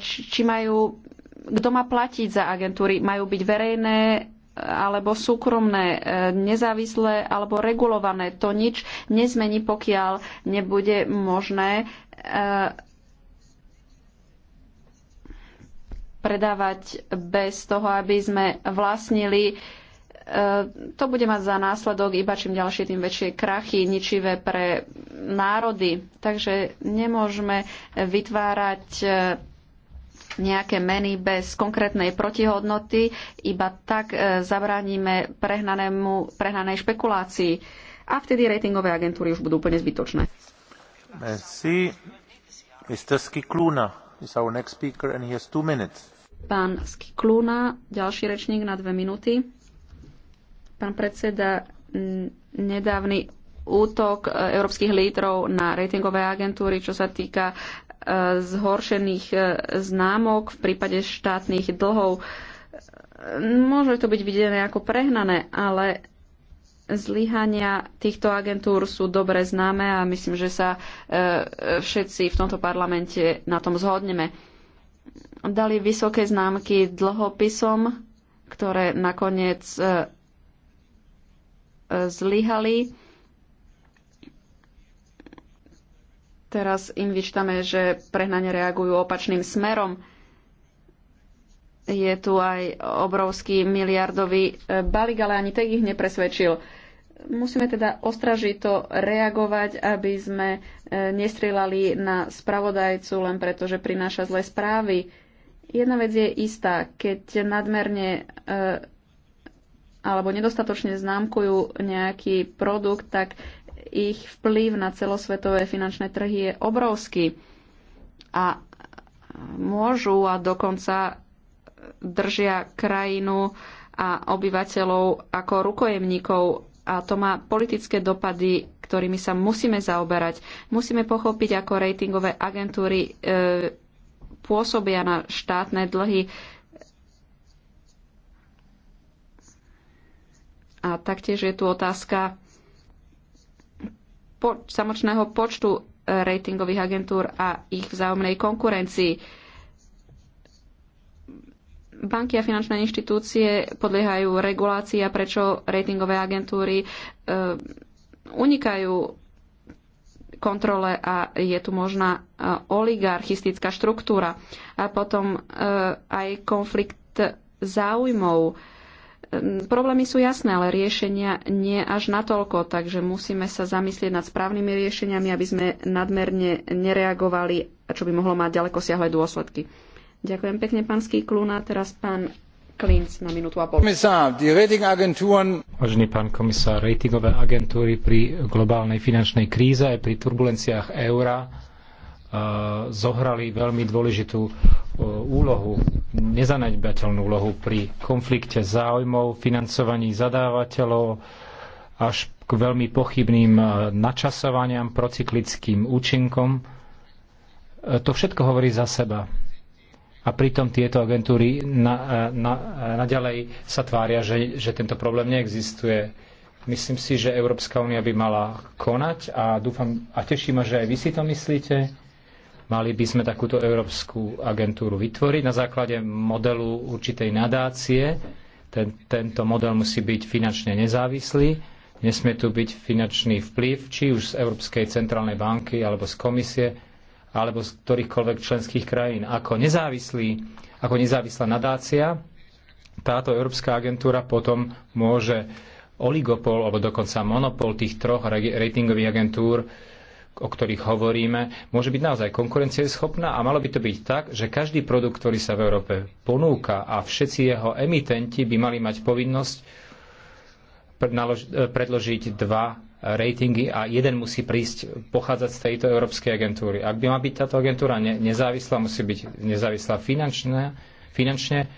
či majú, kto má platiť za agentúry, majú byť verejné e, alebo súkromné, nezávislé alebo regulované. To nič nezmení, pokiaľ nebude možné predávať bez toho, aby sme vlastnili uh, E, to bude mať za následok iba čím ďalšie, tým väčšie krachy, ničivé pre národy. Takže nemôžeme vytvárať e, nejaké meny bez konkrétnej protihodnoty, iba tak e, zabránime prehnanému, prehnanej špekulácii. A vtedy ratingové agentúry už budú úplne zbytočné. Merci. Mr. Skikluna is our next speaker and he has two minutes. Pán Skikluna, ďalší rečník na dve minúty. Pán predseda, nedávny útok e, európskych lídrov na ratingové agentúry, čo sa týka e, zhoršených e, známok v prípade štátnych dlhov. Môže to byť videné ako prehnané, ale zlyhania týchto agentúr sú dobre známe a myslím, že sa všetci v tomto parlamente na tom zhodneme. Dali vysoké známky dlhopisom, ktoré nakoniec zlyhali. Teraz im vyčtame, že prehnane reagujú opačným smerom. Je tu aj obrovský miliardový e, balík, ale ani tak ich nepresvedčil. Musíme teda ostražito reagovať, aby sme e, nestrieľali na spravodajcu len preto, že prináša zlé správy. Jedna vec je istá, keď nadmerne e, alebo nedostatočne známkujú nejaký produkt, tak ich vplyv na celosvetové finančné trhy je obrovský. A môžu a dokonca držia krajinu a obyvateľov ako rukojemníkov a to má politické dopady, ktorými sa musíme zaoberať. Musíme pochopiť, ako ratingové agentúry e, pôsobia na štátne dlhy. E, A taktiež je tu otázka po, samočného počtu eh, ratingových agentúr a ich vzájomnej konkurencii. Banky a finančné inštitúcie podliehajú regulácii a prečo ratingové agentúry e, unikajú kontrole a je tu možná eh, oligarchistická štruktúra. A potom e, aj konflikt záujmov Ehm, problémy sú jasné, ale riešenia nie až natoľko, takže musíme sa zamyslieť nad správnymi riešeniami, aby sme nadmerne nereagovali, čo by mohlo mať ďaleko siahle dôsledky. Ďakujem pekne, pán Skýkluna. Teraz pán Klinc na minútu a pol. Vážený pán komisár, ratingové agentúry pri globálnej finančnej kríze aj pri turbulenciách eura eh, zohrali veľmi dôležitú eh, úlohu nezanedbateľnú úlohu pri konflikte záujmov, financovaní zadávateľov až k veľmi pochybným e, načasovaniam, procyklickým účinkom. E, to všetko hovorí za seba. A pritom tieto agentúry na, e, na, na sa tvária, že, že tento problém neexistuje. Myslím si, že Európska únia by mala konať a dúfam a teší ma, že aj vy si to myslíte Mali by sme takúto európsku agentúru vytvoriť na základe modelu určitej nadácie. Ten, tento model musí byť finančne nezávislý. Nesmie tu byť finančný vplyv, či už z Európskej centrálnej banky, alebo z komisie, alebo z ktorýchkoľvek členských krajín. Ako, nezávislý, ako nezávislá nadácia, táto Európska agentúra potom môže oligopol alebo dokonca monopol tých troch ratingových agentúr o ktorých hovoríme, môže byť naozaj konkurencieschopná a malo by to byť tak, že každý produkt, ktorý sa v Európe ponúka a všetci jeho emitenti by mali mať povinnosť e, predložiť dva ratingy a jeden musí prísť pochádzať z tejto Európskej agentúry. Ak by má byť táto agentúra nezávislá, musí byť nezávislá finančne, finančne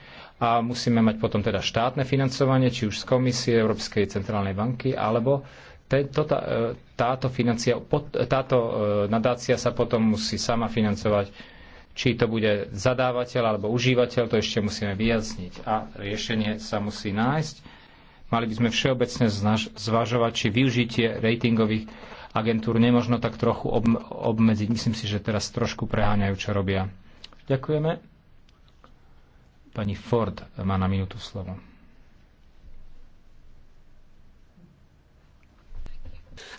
a musíme mať potom teda štátne financovanie, či už z Komisie Európskej centrálnej banky, alebo tento, tota, e, táto, financia, e, táto e, nadácia sa potom musí sama financovať. Či to bude zadávateľ alebo užívateľ, to ešte musíme vyjasniť. A riešenie sa musí nájsť. Mali by sme všeobecne zvažovať, či využitie ratingových agentúr nemožno tak trochu obmedziť. Myslím si, že teraz trošku preháňajú, čo robia. Ďakujeme. Pani Ford má na minútu slovo.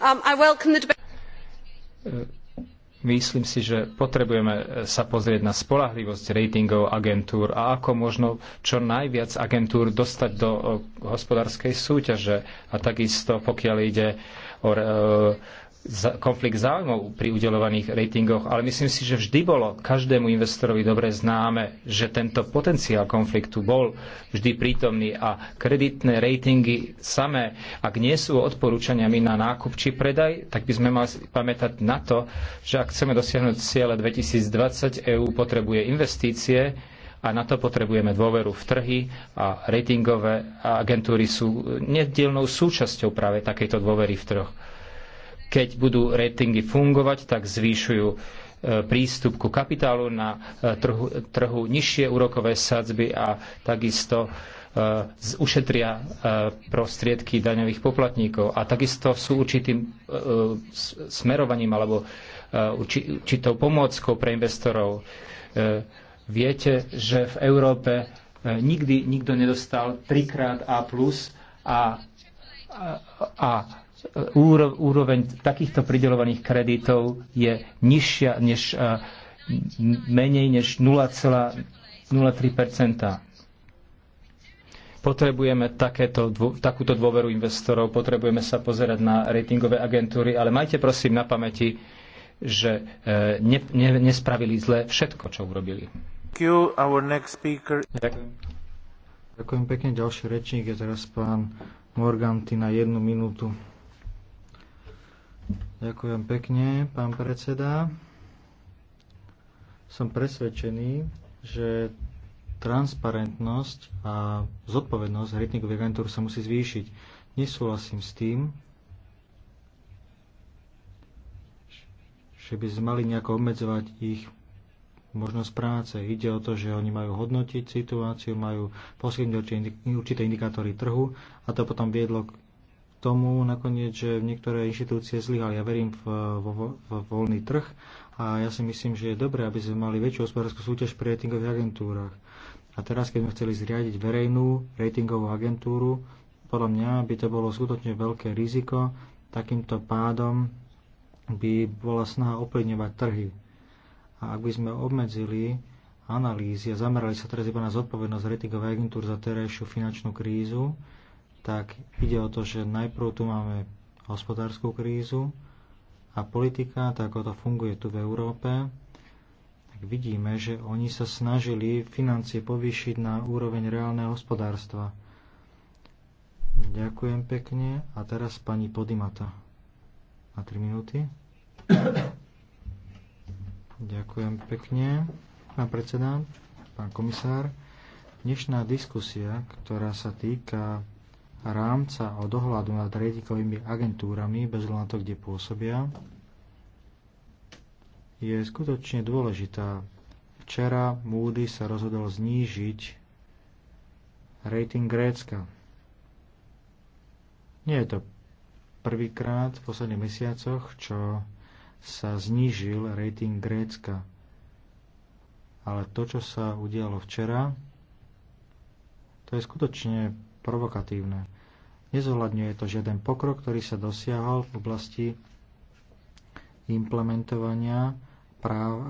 Um, Myslím si, že potrebujeme eh, sa pozrieť na spolahlivosť ratingov agentúr a ako možno čo najviac agentúr dostať do eh, hospodárskej súťaže. A takisto, pokiaľ ide o eh, konflikt záujmov pri udelovaných ratingoch, ale myslím si, že vždy bolo každému investorovi dobre známe, že tento potenciál konfliktu bol vždy prítomný a kreditné ratingy samé, ak nie sú odporúčaniami na nákup či predaj, tak by sme mali pamätať na to, že ak chceme dosiahnuť ciele 2020, EÚ potrebuje investície, a na to potrebujeme dôveru v trhy a ratingové agentúry sú nedielnou súčasťou práve takejto dôvery v trhu. Keď budú ratingy fungovať, tak zvýšujú e, prístup ku kapitálu na e, trhu, trhu nižšie úrokové sadzby a takisto e, ušetria prostriedky daňových poplatníkov. A takisto sú určitým smerovaním alebo určitou pomôckou pre investorov. Viete, že v Európe nikdy nikto nedostal trikrát A plus a, a, a úroveň takýchto pridelovaných kreditov je nižšia než menej než 0,03 Potrebujeme takéto, takúto dôveru investorov, potrebujeme sa pozerať na ratingové agentúry, ale majte prosím na pamäti, že e, ne, ne, nespravili zle všetko, čo urobili. Ďakujem. Ďakujem pekne. Ďalší rečník je teraz pán ty na jednu minútu. Ďakujem pekne, pán predseda. Som presvedčený, že transparentnosť a zodpovednosť hrytníkových agentúr sa musí zvýšiť. Nesúhlasím s tým, že by sme mali nejako obmedzovať ich možnosť práce. Ide o to, že oni majú hodnotiť situáciu, majú poskytnúť určité indikátory trhu a to potom viedlo k tomu nakoniec, že niektoré inštitúcie zlyhali. Ja verím v, vo, v voľný trh a ja si myslím, že je dobré, aby sme mali väčšiu hospodárskú súťaž pri ratingových agentúrach. A teraz, keď sme chceli zriadiť verejnú ratingovú agentúru, podľa mňa by to bolo skutočne veľké riziko, takýmto pádom by bola snaha ovplyvňovať trhy. A ak by sme obmedzili analýzy a zamerali sa teraz iba na zodpovednosť ratingovej agentúr za terajšiu finančnú krízu, tak ide o to, že najprv tu máme hospodárskú krízu a politika, tak ako to funguje tu v Európe, tak vidíme, že oni sa snažili financie povýšiť na úroveň reálneho hospodárstva. Ďakujem pekne. A teraz pani Podimata. Na 3 minúty. Ďakujem pekne, pán predseda, pán komisár. Dnešná diskusia, ktorá sa týka rámca o dohľadu nad ratingovými agentúrami bez na to, kde pôsobia, je skutočne dôležitá. Včera Moody sa rozhodol znížiť rating Grécka. Nie je to prvýkrát v posledných mesiacoch, čo sa znížil rating Grécka. Ale to, čo sa udialo včera, to je skutočne provokatívne. Nezohľadňuje to žiaden pokrok, ktorý sa dosiahol v oblasti implementovania práv, e,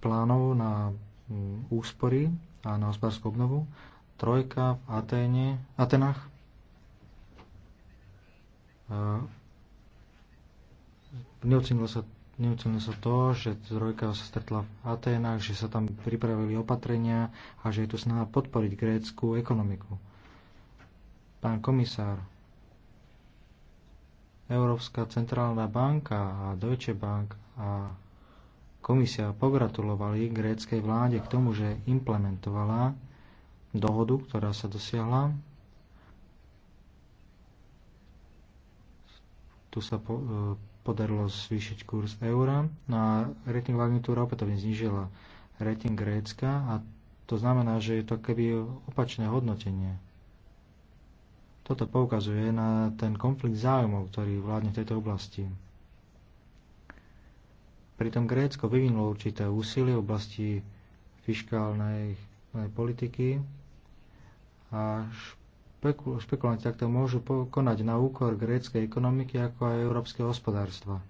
plánov na mm, úspory a na hospodárskú obnovu. Trojka v Aténe, Atenách e, neocenilo sa, neocenilo sa to, že trojka sa stretla v Aténach, že sa tam pripravili opatrenia a že je tu snaha podporiť grécku ekonomiku. Pán komisár, Európska centrálna banka a Deutsche Bank a komisia pogratulovali gréckej vláde k tomu, že implementovala dohodu, ktorá sa dosiahla. Tu sa po, e, podarilo zvýšiť kurz eura. No a ratingová agentúra opätovne znižila rating Grécka a to znamená, že je to keby opačné hodnotenie. Toto poukazuje na ten konflikt záujmov, ktorý vládne v tejto oblasti. Pritom Grécko vyvinulo určité úsilie v oblasti fiskálnej politiky a špekul- špekulanti takto môžu konať na úkor gréckej ekonomiky ako aj európskeho hospodárstva.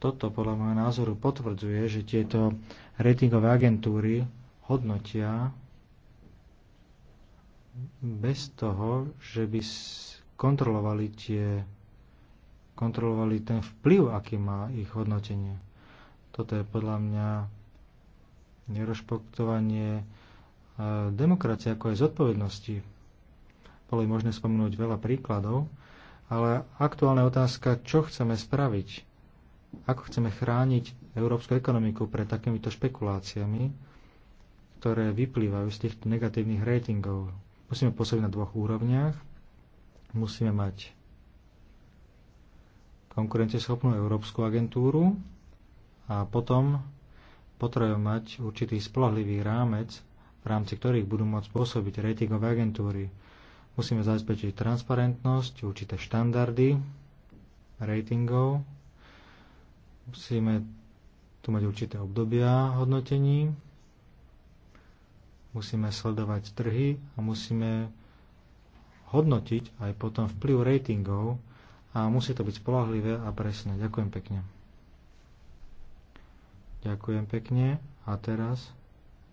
Toto podľa môjho názoru potvrdzuje, že tieto ratingové agentúry hodnotia bez toho, že by kontrolovali, tie, kontrolovali ten vplyv, aký má ich hodnotenie. Toto je podľa mňa nerozpoktovanie e, demokracie ako aj zodpovednosti. Bolo by možné spomenúť veľa príkladov, ale aktuálna otázka, čo chceme spraviť, ako chceme chrániť európsku ekonomiku pred takýmito špekuláciami, ktoré vyplývajú z týchto negatívnych ratingov. Musíme pôsobiť na dvoch úrovniach. Musíme mať konkurenceschopnú európsku agentúru a potom potrebujeme mať určitý spolahlivý rámec, v rámci ktorých budú môcť pôsobiť ratingové agentúry. Musíme zabezpečiť transparentnosť, určité štandardy ratingov. Musíme tu mať určité obdobia hodnotení musíme sledovať trhy a musíme hodnotiť aj potom vplyv ratingov a musí to byť spolahlivé a presné. Ďakujem pekne. Ďakujem pekne. A teraz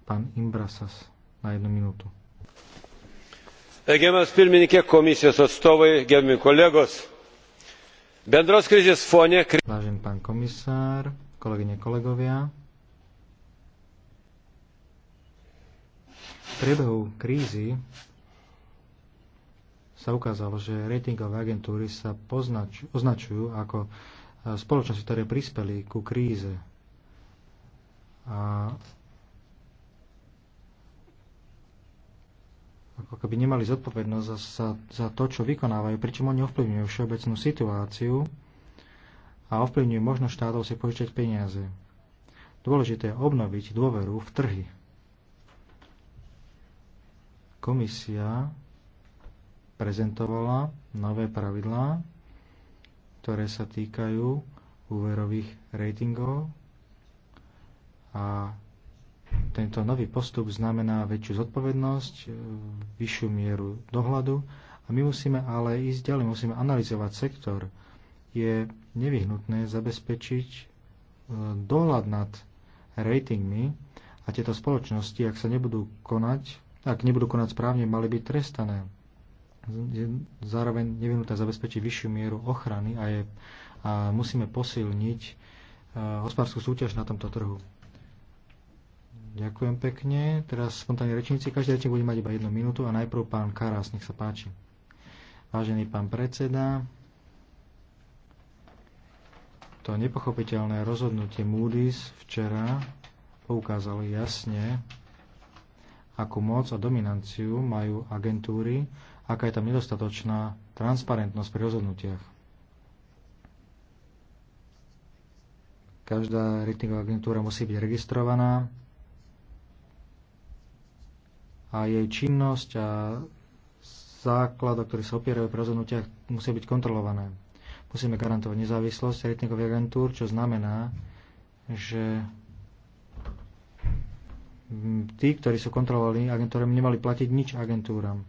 pán Imbrasas na jednu minútu. Egemas pirmininkė, komisijos atstovai, gerbimi kolegos. Bendros krizės fone... Vážený pán komisár, kolegyne, kolegovia, priebehu krízy sa ukázalo, že ratingové agentúry sa poznač, označujú ako e, spoločnosti, ktoré prispeli ku kríze. A ako keby nemali zodpovednosť za, za, za to, čo vykonávajú, pričom oni ovplyvňujú všeobecnú situáciu a ovplyvňujú možnosť štátov si požičať peniaze. Dôležité je obnoviť dôveru v trhy. Komisia prezentovala nové pravidlá, ktoré sa týkajú úverových ratingov a tento nový postup znamená väčšiu zodpovednosť, e, vyššiu mieru dohľadu a my musíme ale ísť ďalej, musíme analyzovať sektor. Je nevyhnutné zabezpečiť e, dohľad nad ratingmi a tieto spoločnosti, ak sa nebudú konať ak nebudú konať správne, mali byť trestané. Zároveň nevinutá zabezpečí vyššiu mieru ochrany a, je, a musíme posilniť e, hospodárskú súťaž na tomto trhu. Ďakujem pekne. Teraz spontánne rečníci. Každý rečník bude mať iba jednu minútu a najprv pán Karas, nech sa páči. Vážený pán predseda, to nepochopiteľné rozhodnutie Moody's včera poukázali jasne, akú moc a dominanciu majú agentúry, aká je tam nedostatočná transparentnosť pri rozhodnutiach. Každá ratingová agentúra musí byť registrovaná a jej činnosť a základ, o ktorý sa opierajú pri rozhodnutiach, musí byť kontrolované. Musíme garantovať nezávislosť ratingových agentúr, čo znamená, že tí, ktorí sú kontrolovali agentúrem nemali platiť nič agentúram.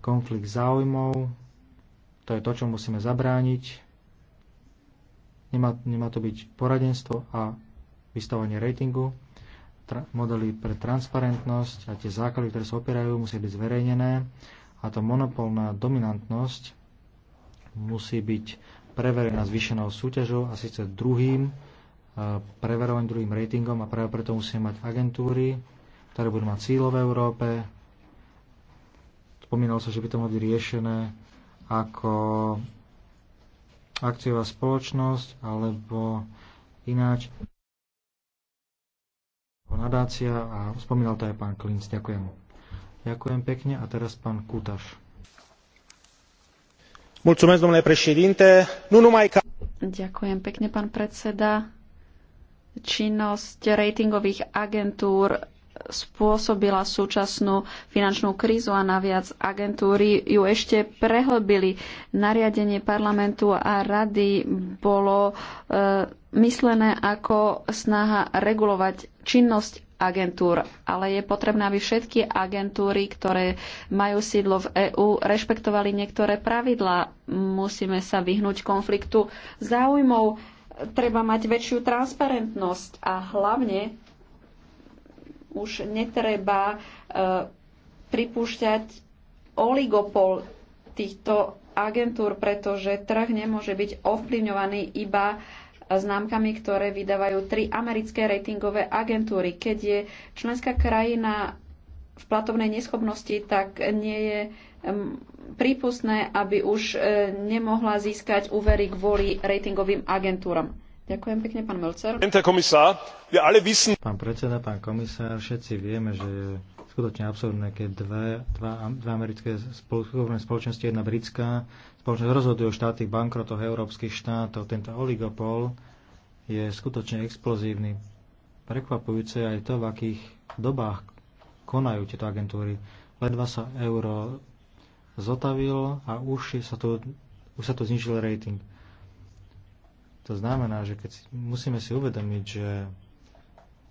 Konflikt záujmov, to je to, čo musíme zabrániť. Nemá, nemá to byť poradenstvo a vystavanie ratingu. Tra, modely pre transparentnosť a tie základy, ktoré sa opierajú, musia byť zverejnené. A to monopolná dominantnosť musí byť preverená zvýšenou súťažou a síce druhým preverovaným druhým ratingom a práve preto musíme mať agentúry, ktoré budú mať cílo v Európe. Spomínalo sa, že by to mohlo byť riešené ako akciová spoločnosť alebo ináč nadácia a spomínal to aj pán Klinc. Ďakujem. Ďakujem pekne a teraz pán Kutaš. Mulțumesc, domnule președinte. Nu numai ca... Ďakujem pekne, pán predseda činnosť ratingových agentúr spôsobila súčasnú finančnú krízu a naviac agentúry ju ešte prehlbili. Nariadenie parlamentu a rady bolo e, myslené ako snaha regulovať činnosť agentúr, ale je potrebné, aby všetky agentúry, ktoré majú sídlo v EÚ, rešpektovali niektoré pravidlá. Musíme sa vyhnúť konfliktu záujmov treba mať väčšiu transparentnosť a hlavne už netreba e, pripúšťať oligopol týchto agentúr, pretože trh nemôže byť ovplyvňovaný iba známkami, ktoré vydávajú tri americké ratingové agentúry. Keď je členská krajina v platovnej neschopnosti, tak nie je prípustné, aby už e, nemohla získať úvery kvôli ratingovým agentúram. Ďakujem pekne, pán Melcer. Pán predseda, pán komisár, všetci vieme, že je skutočne absurdné, keď dve, dva, dva americké spoločné spoločnosti, jedna britská spoločnosť rozhodujú o štátnych bankrotoch európskych štátov. Tento oligopol je skutočne explozívny. Prekvapujúce aj to, v akých dobách konajú tieto agentúry. Ledva sa euro zotavilo a už, sa to, už sa to znižil rating. To znamená, že keď musíme si uvedomiť, že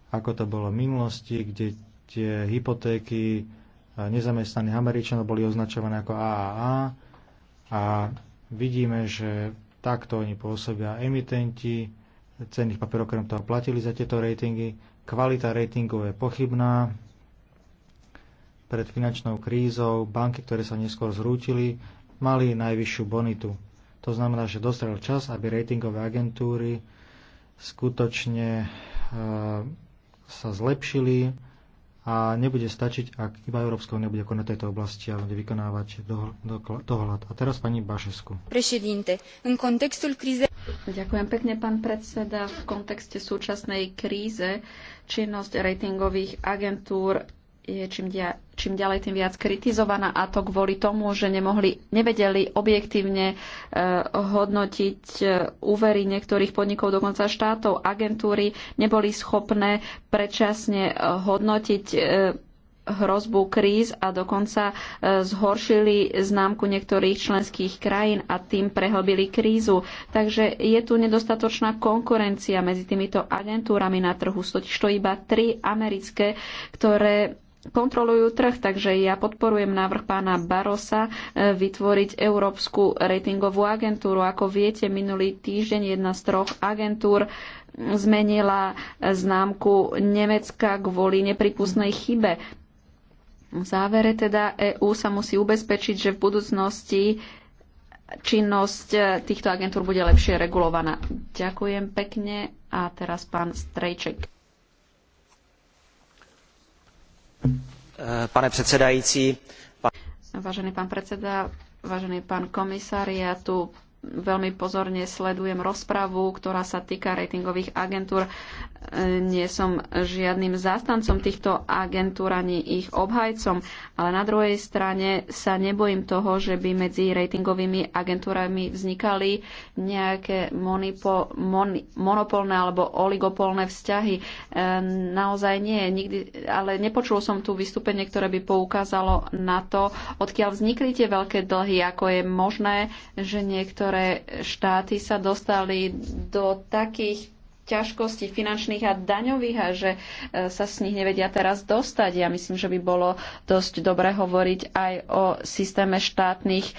ako to bolo v minulosti, kde tie hypotéky eh, nezamestnaných Američanov boli označované ako AAA a vidíme, že takto oni pôsobia emitenti, cenných papierov okrem toho platili za tieto ratingy, kvalita ratingov je pochybná, pred finančnou krízou, banky, ktoré sa neskôr zrútili, mali najvyššiu bonitu. To znamená, že dostal čas, aby ratingové agentúry skutočne e, sa zlepšili a nebude stačiť, ak iba Európska únia bude konať tejto oblasti a bude vykonávať dohľad. A teraz pani Bašesku. Krize... Ďakujem pekne, pán predseda. V kontexte súčasnej kríze činnosť ratingových agentúr je čím, dia, čím ďalej tým viac kritizovaná a to kvôli tomu, že nemohli, nevedeli objektívne e, hodnotiť e, úvery niektorých podnikov, dokonca štátov, agentúry, neboli schopné predčasne e, hodnotiť e, hrozbu kríz a dokonca e, zhoršili známku niektorých členských krajín a tým prehlbili krízu. Takže je tu nedostatočná konkurencia medzi týmito agentúrami na trhu. totiž to iba tri americké, ktoré kontrolujú trh, takže ja podporujem návrh pána Barosa eh, vytvoriť Európsku ratingovú agentúru. Ako viete, minulý týždeň jedna z troch agentúr zmenila eh, známku Nemecka kvôli nepripustnej chybe. V závere teda EÚ sa musí ubezpečiť, že v budúcnosti činnosť eh, týchto agentúr bude lepšie regulovaná. Ďakujem pekne a teraz pán Strejček. Pane Pán... Vážený pán predseda, vážený pán komisár, ja tu veľmi pozorne sledujem rozpravu, ktorá sa týka ratingových agentúr nie som žiadnym zástancom týchto agentúr ani ich obhajcom, ale na druhej strane sa nebojím toho, že by medzi ratingovými agentúrami vznikali nejaké monipo, mon, monopolné alebo oligopolné vzťahy. E, naozaj nie, nikdy, ale nepočul som tu vystúpenie, ktoré by poukázalo na to, odkiaľ vznikli tie veľké dlhy, ako je možné, že niektoré štáty sa dostali do takých ťažkostí finančných a daňových a že e, sa s nich nevedia teraz dostať. Ja myslím, že by bolo dosť dobre hovoriť aj o systéme štátnych e,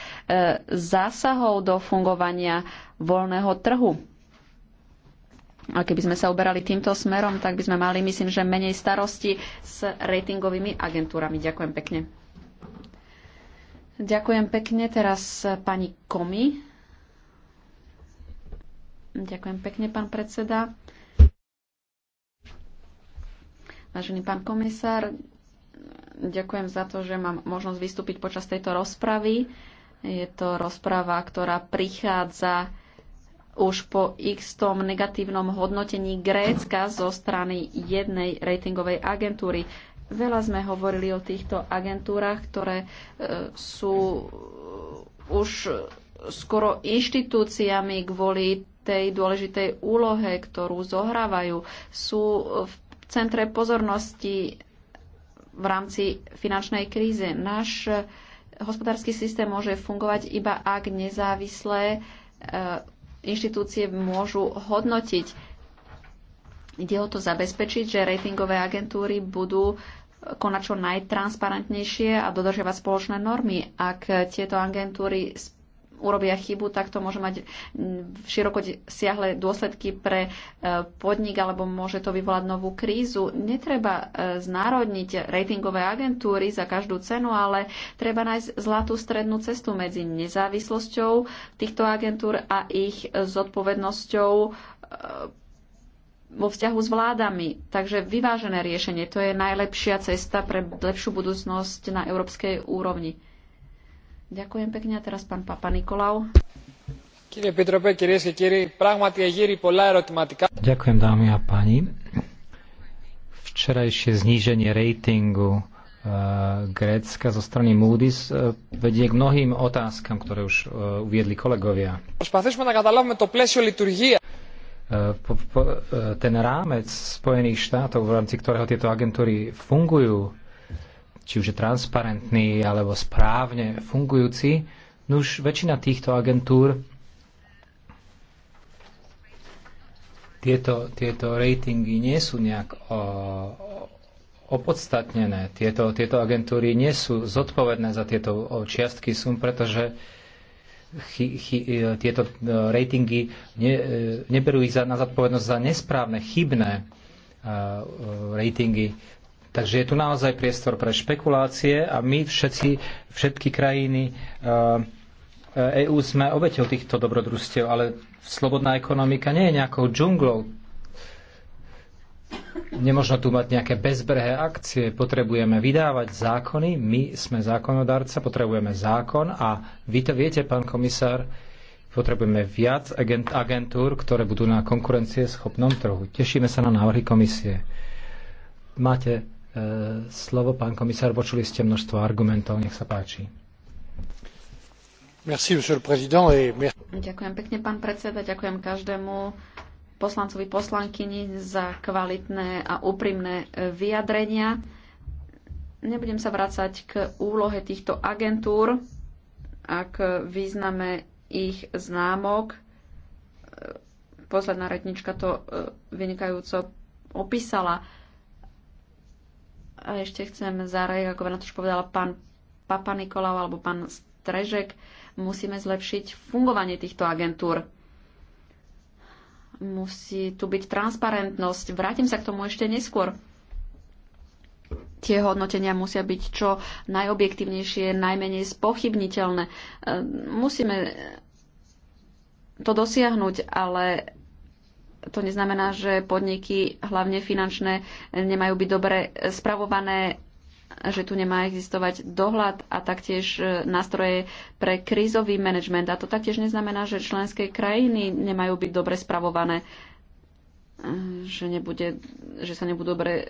zásahov do fungovania voľného trhu. A keby sme sa uberali týmto smerom, tak by sme mali, myslím, že menej starosti s ratingovými agentúrami. Ďakujem pekne. Ďakujem pekne. Teraz pani Komi. Ďakujem pekne, pán predseda. Vážený pán komisár, ďakujem za to, že mám možnosť vystúpiť počas tejto rozpravy. Je to rozprava, ktorá prichádza už po x tom negatívnom hodnotení Grécka zo strany jednej ratingovej agentúry. Veľa sme hovorili o týchto agentúrach, ktoré e, sú už skoro inštitúciami kvôli tej dôležitej úlohe, ktorú zohrávajú. Sú v centre pozornosti v rámci finančnej krízy. Náš e, hospodársky systém môže fungovať iba ak nezávislé e, inštitúcie môžu hodnotiť. Ide o to zabezpečiť, že ratingové agentúry budú e, konať čo najtransparentnejšie a dodržiavať spoločné normy. Ak tieto agentúry urobia chybu, tak to môže mať široko siahle dôsledky pre e, podnik alebo môže to vyvolať novú krízu. Netreba e, znárodniť ratingové agentúry za každú cenu, ale treba nájsť zlatú strednú cestu medzi nezávislosťou týchto agentúr a ich zodpovednosťou e, vo vzťahu s vládami. Takže vyvážené riešenie, to je najlepšia cesta pre lepšiu budúcnosť na európskej úrovni. Ďakujem pekne a teraz pán Papa Nikolau. Ďakujem dámy a páni. Včerajšie zníženie rejtingu e, Grécka zo strany Moody's e, vedie k mnohým otázkam, ktoré už e, uviedli kolegovia. Ten rámec Spojených štátov, v rámci ktorého tieto agentúry fungujú, či už je transparentný alebo správne fungujúci. No už väčšina týchto agentúr tieto, tieto ratingy nie sú nejak o, opodstatnené. Tieto, tieto agentúry nie sú zodpovedné za tieto čiastky sum, pretože chy, chy, e, tieto e, ratingy ne, e, neberú ich za, na zodpovednosť za nesprávne, chybné ratingy. Takže je tu naozaj priestor pre špekulácie a my všetci, všetky krajiny EÚ eh, e sme obeťou týchto dobrodružstiev, ale slobodná ekonomika nie je nejakou džunglou. Nemožno tu mať nejaké bezbrhé akcie. Potrebujeme vydávať zákony. My sme zákonodárca, potrebujeme zákon a vy to viete, pán komisár, potrebujeme viac agent, agentúr, ktoré budú na konkurencie schopnom trhu. Tešíme sa na návrhy komisie. Máte E, slovo, pán komisár. Počuli ste množstvo argumentov. Nech sa páči. Merci, ďakujem pekne, pán predseda. Ďakujem každému poslancovi poslankyni za kvalitné a úprimné e, vyjadrenia. Nebudem sa vrácať k úlohe týchto agentúr a k význame ich známok. E, posledná retnička to vynikajúco opísala a ešte chcem ako na to, už povedala pán Papa Nikolau alebo pán Strežek. Musíme zlepšiť fungovanie týchto agentúr. Musí tu byť transparentnosť. Vrátim sa k tomu ešte neskôr. Tie hodnotenia musia byť čo najobjektívnejšie, najmenej spochybniteľné. E, musíme to dosiahnuť, ale to neznamená, že podniky, hlavne finančné, nemajú byť dobre spravované, že tu nemá existovať dohľad a taktiež e, nástroje pre krízový manažment. A to taktiež neznamená, že členské krajiny nemajú byť dobre spravované e, že, nebude, že sa nebudú dobre e,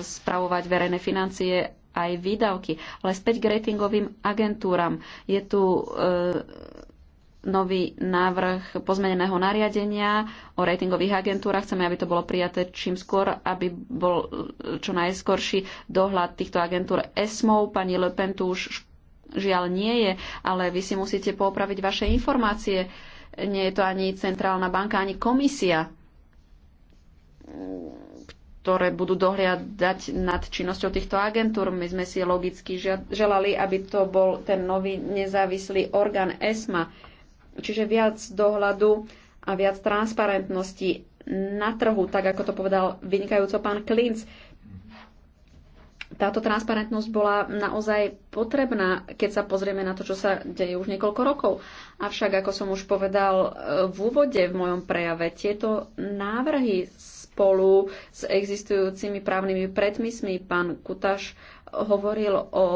spravovať verejné financie aj výdavky. Ale späť k ratingovým agentúram. Je tu nový návrh pozmeneného nariadenia o ratingových agentúrach. Chceme, aby to bolo prijaté čím skôr, aby bol e, čo najskorší dohľad týchto agentúr ESMO. Pani Le Pen tu už žiaľ nie je, ale vy si musíte popraviť vaše informácie. Nie je to ani centrálna banka, ani komisia, ktoré budú dohliadať nad činnosťou týchto agentúr. My sme si logicky želali, aby to bol ten nový nezávislý orgán ESMA čiže viac dohľadu a viac transparentnosti na trhu, tak ako to povedal vynikajúco pán Klinc. Táto transparentnosť bola naozaj potrebná, keď sa pozrieme na to, čo sa deje už niekoľko rokov. Avšak, ako som už povedal eh, v úvode v mojom prejave, tieto návrhy spolu s existujúcimi právnymi predmysmi. Pán Kutaš hovoril o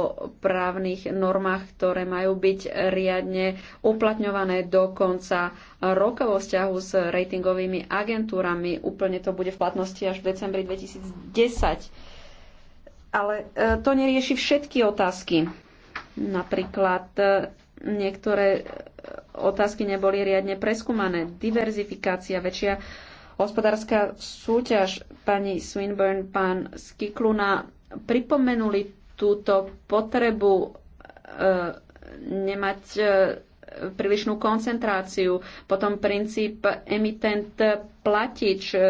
právnych normách, ktoré majú byť riadne uplatňované do konca roka vo vzťahu s ratingovými agentúrami. Úplne to bude v platnosti až v decembri 2010. Ale e, to nerieši všetky otázky. Napríklad e, niektoré e, otázky neboli riadne preskúmané. Diverzifikácia, väčšia hospodárska súťaž. Pani Swinburne, pán Skikluna pripomenuli túto potrebu e, nemať e, prílišnú koncentráciu, potom princíp emitent platič. E,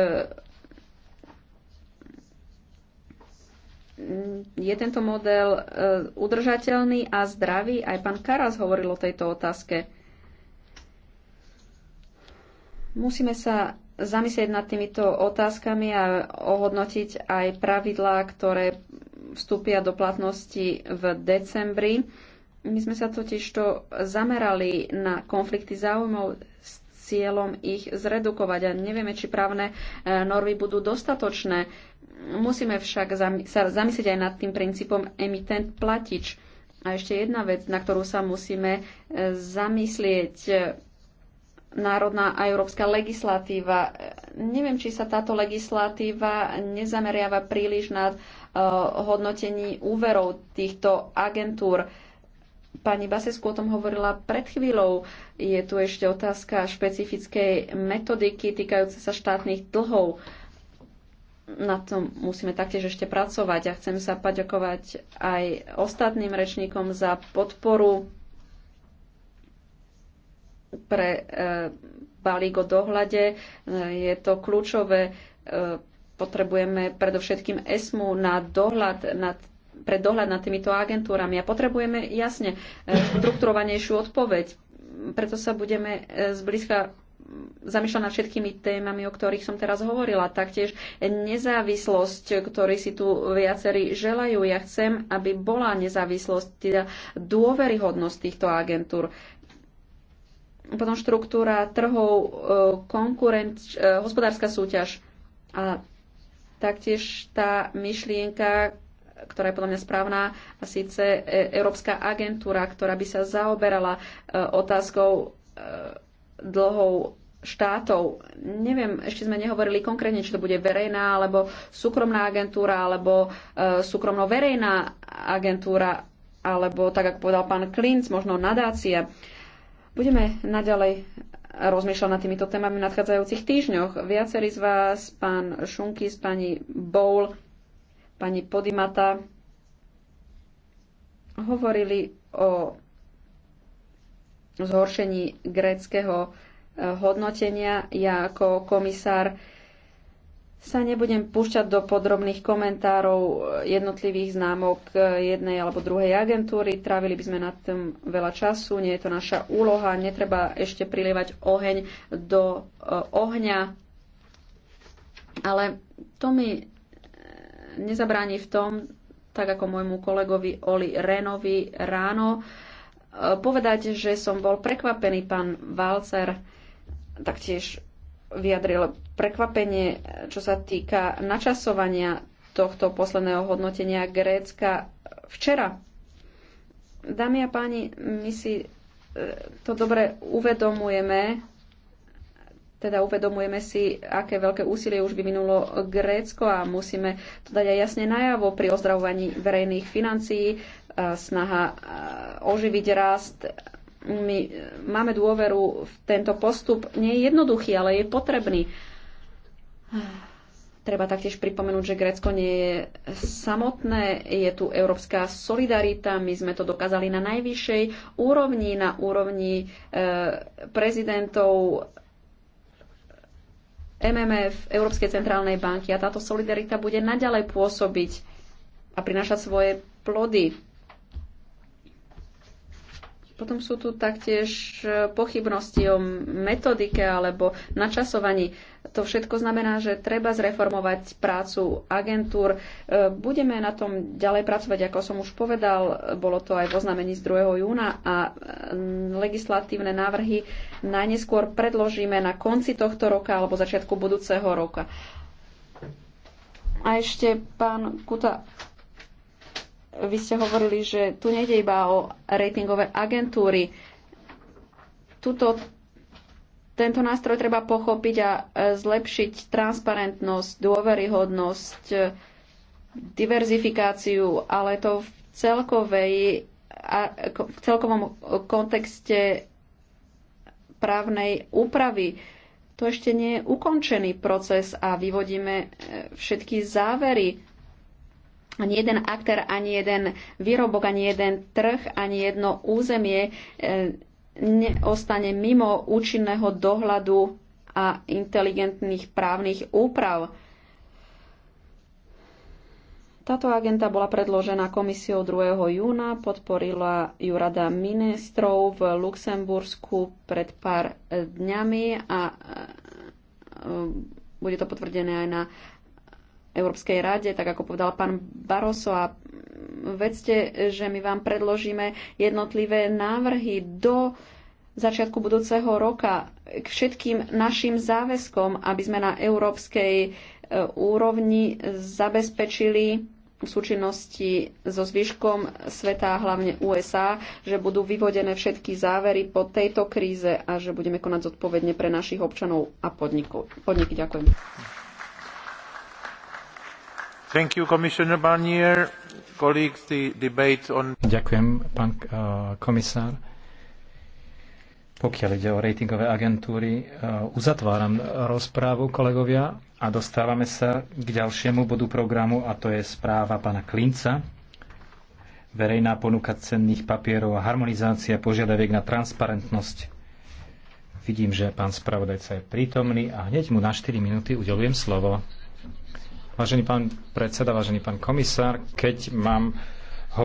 je tento model e, udržateľný a zdravý? Aj pán Karas hovoril o tejto otázke. Musíme sa zamyslieť nad týmito otázkami a ohodnotiť aj pravidlá, ktoré vstúpia do platnosti v decembri. My sme sa totiž to zamerali na konflikty záujmov s cieľom ich zredukovať a nevieme, či právne e, normy budú dostatočné. Musíme však sa zamyslieť aj nad tým princípom emitent platič. A ešte jedna vec, na ktorú sa musíme e, zamyslieť národná a európska legislatíva. Neviem, či sa táto legislatíva nezameriava príliš na e, hodnotení úverov týchto agentúr. Pani Basesku o tom hovorila pred chvíľou. Je tu ešte otázka špecifickej metodiky týkajúce sa štátnych dlhov. Na tom musíme taktiež ešte pracovať a ja chcem sa poďakovať aj ostatným rečníkom za podporu pre e, balík o dohľade. E, je to kľúčové. E, potrebujeme predovšetkým ESMU na dohľad nad pre dohľad nad týmito agentúrami a potrebujeme jasne štruktúrovanejšiu odpoveď. Preto sa budeme zblízka zamýšľať nad všetkými témami, o ktorých som teraz hovorila. Taktiež nezávislosť, ktorý si tu viacerí želajú. Ja chcem, aby bola nezávislosť, teda dôveryhodnosť týchto agentúr potom štruktúra trhov, e, konkurenč, e, hospodárska súťaž a taktiež tá myšlienka, ktorá je podľa mňa správna, a síce e, Európska agentúra, ktorá by sa zaoberala otázkou dlhov štátov. Neviem, ešte sme nehovorili konkrétne, či to bude verejná alebo súkromná agentúra, alebo súkromno-verejná agentúra, alebo tak, ako povedal pán Klinc, možno nadácia. Budeme naďalej rozmýšľať nad týmito témami v nadchádzajúcich týždňoch. Viacerí z vás, pán Šunkis, pani Bowl, pani Podimata, hovorili o zhoršení gréckého eh, hodnotenia. Ja ako komisár sa nebudem púšťať do podrobných komentárov eh, jednotlivých známok eh, jednej alebo druhej agentúry. Trávili by sme nad tým veľa času, nie je to naša úloha, netreba ešte prilievať oheň do eh, ohňa. Ale to mi nezabráni v tom, tak ako môjmu kolegovi Oli Renovi ráno, povedať, že som bol prekvapený, pán Valcer, taktiež vyjadril prekvapenie, čo sa týka načasovania tohto posledného hodnotenia Grécka včera. Dámy a páni, my si e, to dobre uvedomujeme, teda uvedomujeme si, aké veľké úsilie už vyvinulo Grécko a musíme to dať aj jasne najavo pri ozdravovaní verejných financií, e, snaha e, oživiť rast my e, máme dôveru v tento postup. Nie je jednoduchý, ale je potrebný. Treba taktiež pripomenúť, že Grécko nie je samotné, je tu európska solidarita, my sme to dokázali na najvyššej úrovni, na úrovni e, prezidentov MMF, Európskej centrálnej banky a táto solidarita bude naďalej pôsobiť a prinášať svoje plody potom sú tu taktiež e, pochybnosti o metodike alebo načasovaní. To všetko znamená, že treba zreformovať prácu agentúr. E, budeme na tom ďalej pracovať, ako som už povedal. Bolo to aj v z 2. júna a e, legislatívne návrhy najneskôr predložíme na konci tohto roka alebo začiatku budúceho roka. A ešte pán Kuta vy ste hovorili, že tu nejde iba o ratingové agentúry. Tuto, tento nástroj treba pochopiť a e, zlepšiť transparentnosť, dôveryhodnosť, e, diverzifikáciu, ale to v celkovej v celkovom kontexte právnej úpravy. To ešte nie je ukončený proces a vyvodíme e, všetky závery ani jeden aktér, ani jeden výrobok, ani jeden trh, ani jedno územie e, neostane mimo účinného dohľadu a inteligentných právnych úprav. Táto agenda bola predložená komisiou 2. júna, podporila ju rada ministrov v Luxembursku pred pár e, dňami a e, bude to potvrdené aj na Európskej rade, tak ako povedal pán Barroso a vedzte, že my vám predložíme jednotlivé návrhy do začiatku budúceho roka k všetkým našim záväzkom, aby sme na európskej e, úrovni zabezpečili v súčinnosti so zvyškom sveta, hlavne USA, že budú vyvodené všetky závery po tejto kríze a že budeme konať zodpovedne pre našich občanov a podnikov. podniky. Ďakujem. Ďakujem, pán uh, komisár. Pokiaľ ide o ratingové agentúry, uh, uzatváram rozprávu, kolegovia, a dostávame sa k ďalšiemu bodu programu, a to je správa pána Klinca. Verejná ponuka cenných papierov a harmonizácia požiadaviek na transparentnosť. Vidím, že pán spravodajca je prítomný a hneď mu na 4 minúty udelujem slovo. Vážený pán predseda, vážený pán komisár, keď mám